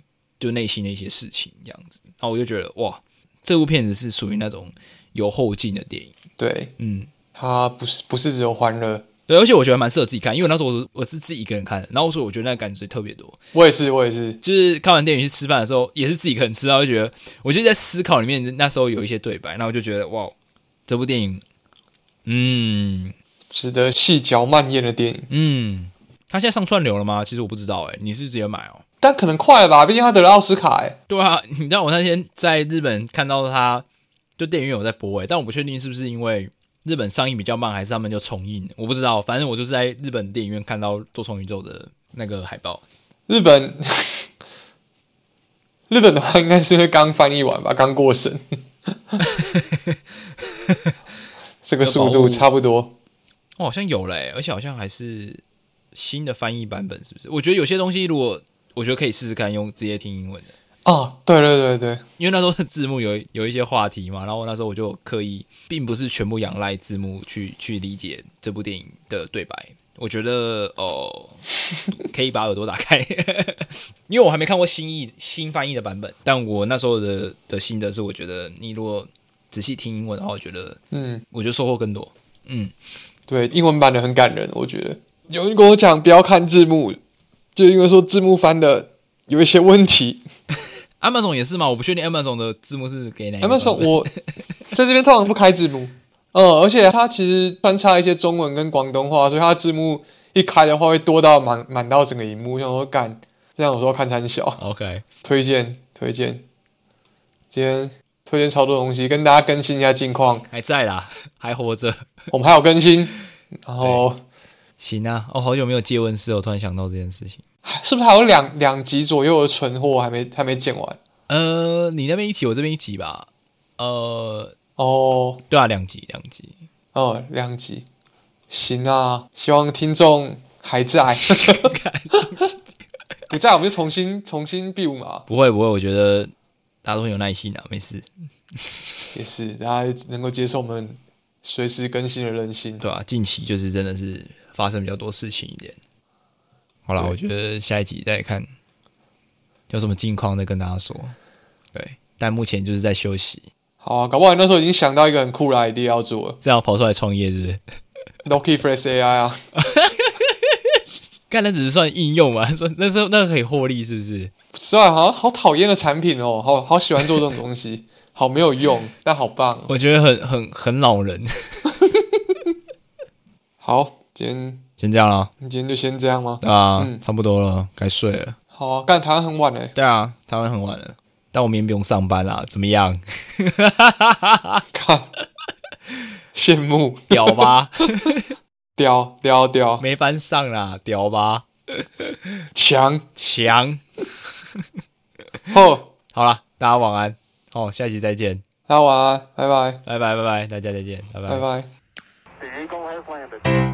就內心的一些事情這樣子。然後我就覺得哇。這部片子是屬於那種有後勁的電影，對，嗯，它不是不是只有歡樂，對，而且我覺得蠻適合自己看，因為那時候我是我是自己一個人看的，然後我說我覺得那個感覺特別多。我也是我也是，就是看完電影去吃飯的時候，也是自己一個人吃，然後就覺得，我就在思考裡面。那時候有一些對白，然後我就覺得哇，這部電影，嗯，值得細嚼慢嚥的電影。嗯，它現在上串流了嗎？其實我不知道，欸，哎，你是，是直接買哦。但可能快了吧，畢竟他得了奧斯卡、欸。對啊，你知道我那天在日本看到他，就電影院有在播、欸，誒，但我不確定是不是因為日本上映比較慢，還是他們就重映，我不知道。反正我就是在日本電影院看到多重宇宙的那個海報。日本， 日本的話，應該是會剛翻譯完吧，剛過審。 這個速度差不多，我、哦、好像有嘞、欸，而且好像還是新的翻譯版本，是不是？我覺得有些東西如果。我覺得可以試試看用直接聽英文的啊、哦，對對對對，因為那時候字幕有有一些話題嘛，然後那時候我就刻意，並不是全部仰賴字幕去去理解這部電影的對白。我覺得哦，可以把耳朵打開， 因為我還沒看過新譯新翻譯的版本，但我那時候的的心得是，我覺得你如果仔細聽英文的話，我覺得嗯，我覺得收穫更多嗯，嗯，對，英文版的很感人，我覺得有人跟我講不要看字幕。就因為說字幕翻的有一些問題，Amazon 也是嘛？我不確定 Amazon 的字幕是給哪個？Amazon，我在這邊通常不開字幕， 嗯，而且他其實穿插一些中文跟廣東話，所以他字幕一開的話，會多到滿滿到整個熒幕，像我感這樣有時看很小。OK，推薦推薦，今天推薦超多東西，跟大家更新一下近況，還在啦，還活着， 我們還有更新，然後。行啊，我、哦、好久沒有借問室，我突然想到這件事情，是不是還有兩兩集左右的存貨還沒還沒剪完？呃，你那邊一集，我這邊一集吧。呃，哦，對啊，兩集，兩集，哦，兩集，行啊，希望聽眾還在， 不在我們就重新重新 B 五嘛。不會不會，我覺得大家都很有耐心的、啊，沒事。也是，大家能夠接受我們隨時更新的任性。對啊，近期就是真的是。發生比較多事情一點，好了，我覺得下一集再看有什麼近況再跟大家說。對，但目前就是在休息。好、啊，搞不好那時候已經想到一個很酷的 idea 要做了，這樣跑出來創業，是不是 Noki Fresh AI 啊，幹 那 只是算應用嘛。說那時候那個可以獲利，是不是？不算啊，好，好討厭的產品哦，好好喜歡做這種東西， 好沒有用，但好棒、哦。我覺得很很很老人。 好。今先這樣了，你今天就先這樣嗎？啊，嗯、差不多了，該睡了。好啊，幹，台灣很晚了，對啊，台灣很晚了，但我明天不用上班啊，怎麼樣？看，羨 慕屌吧，屌屌屌，沒班上啦屌吧，強強。哦， 好了，大家晚安。哦，下期再見。大家晚安，拜拜，拜拜，拜拜，大家再見，拜拜。拜拜。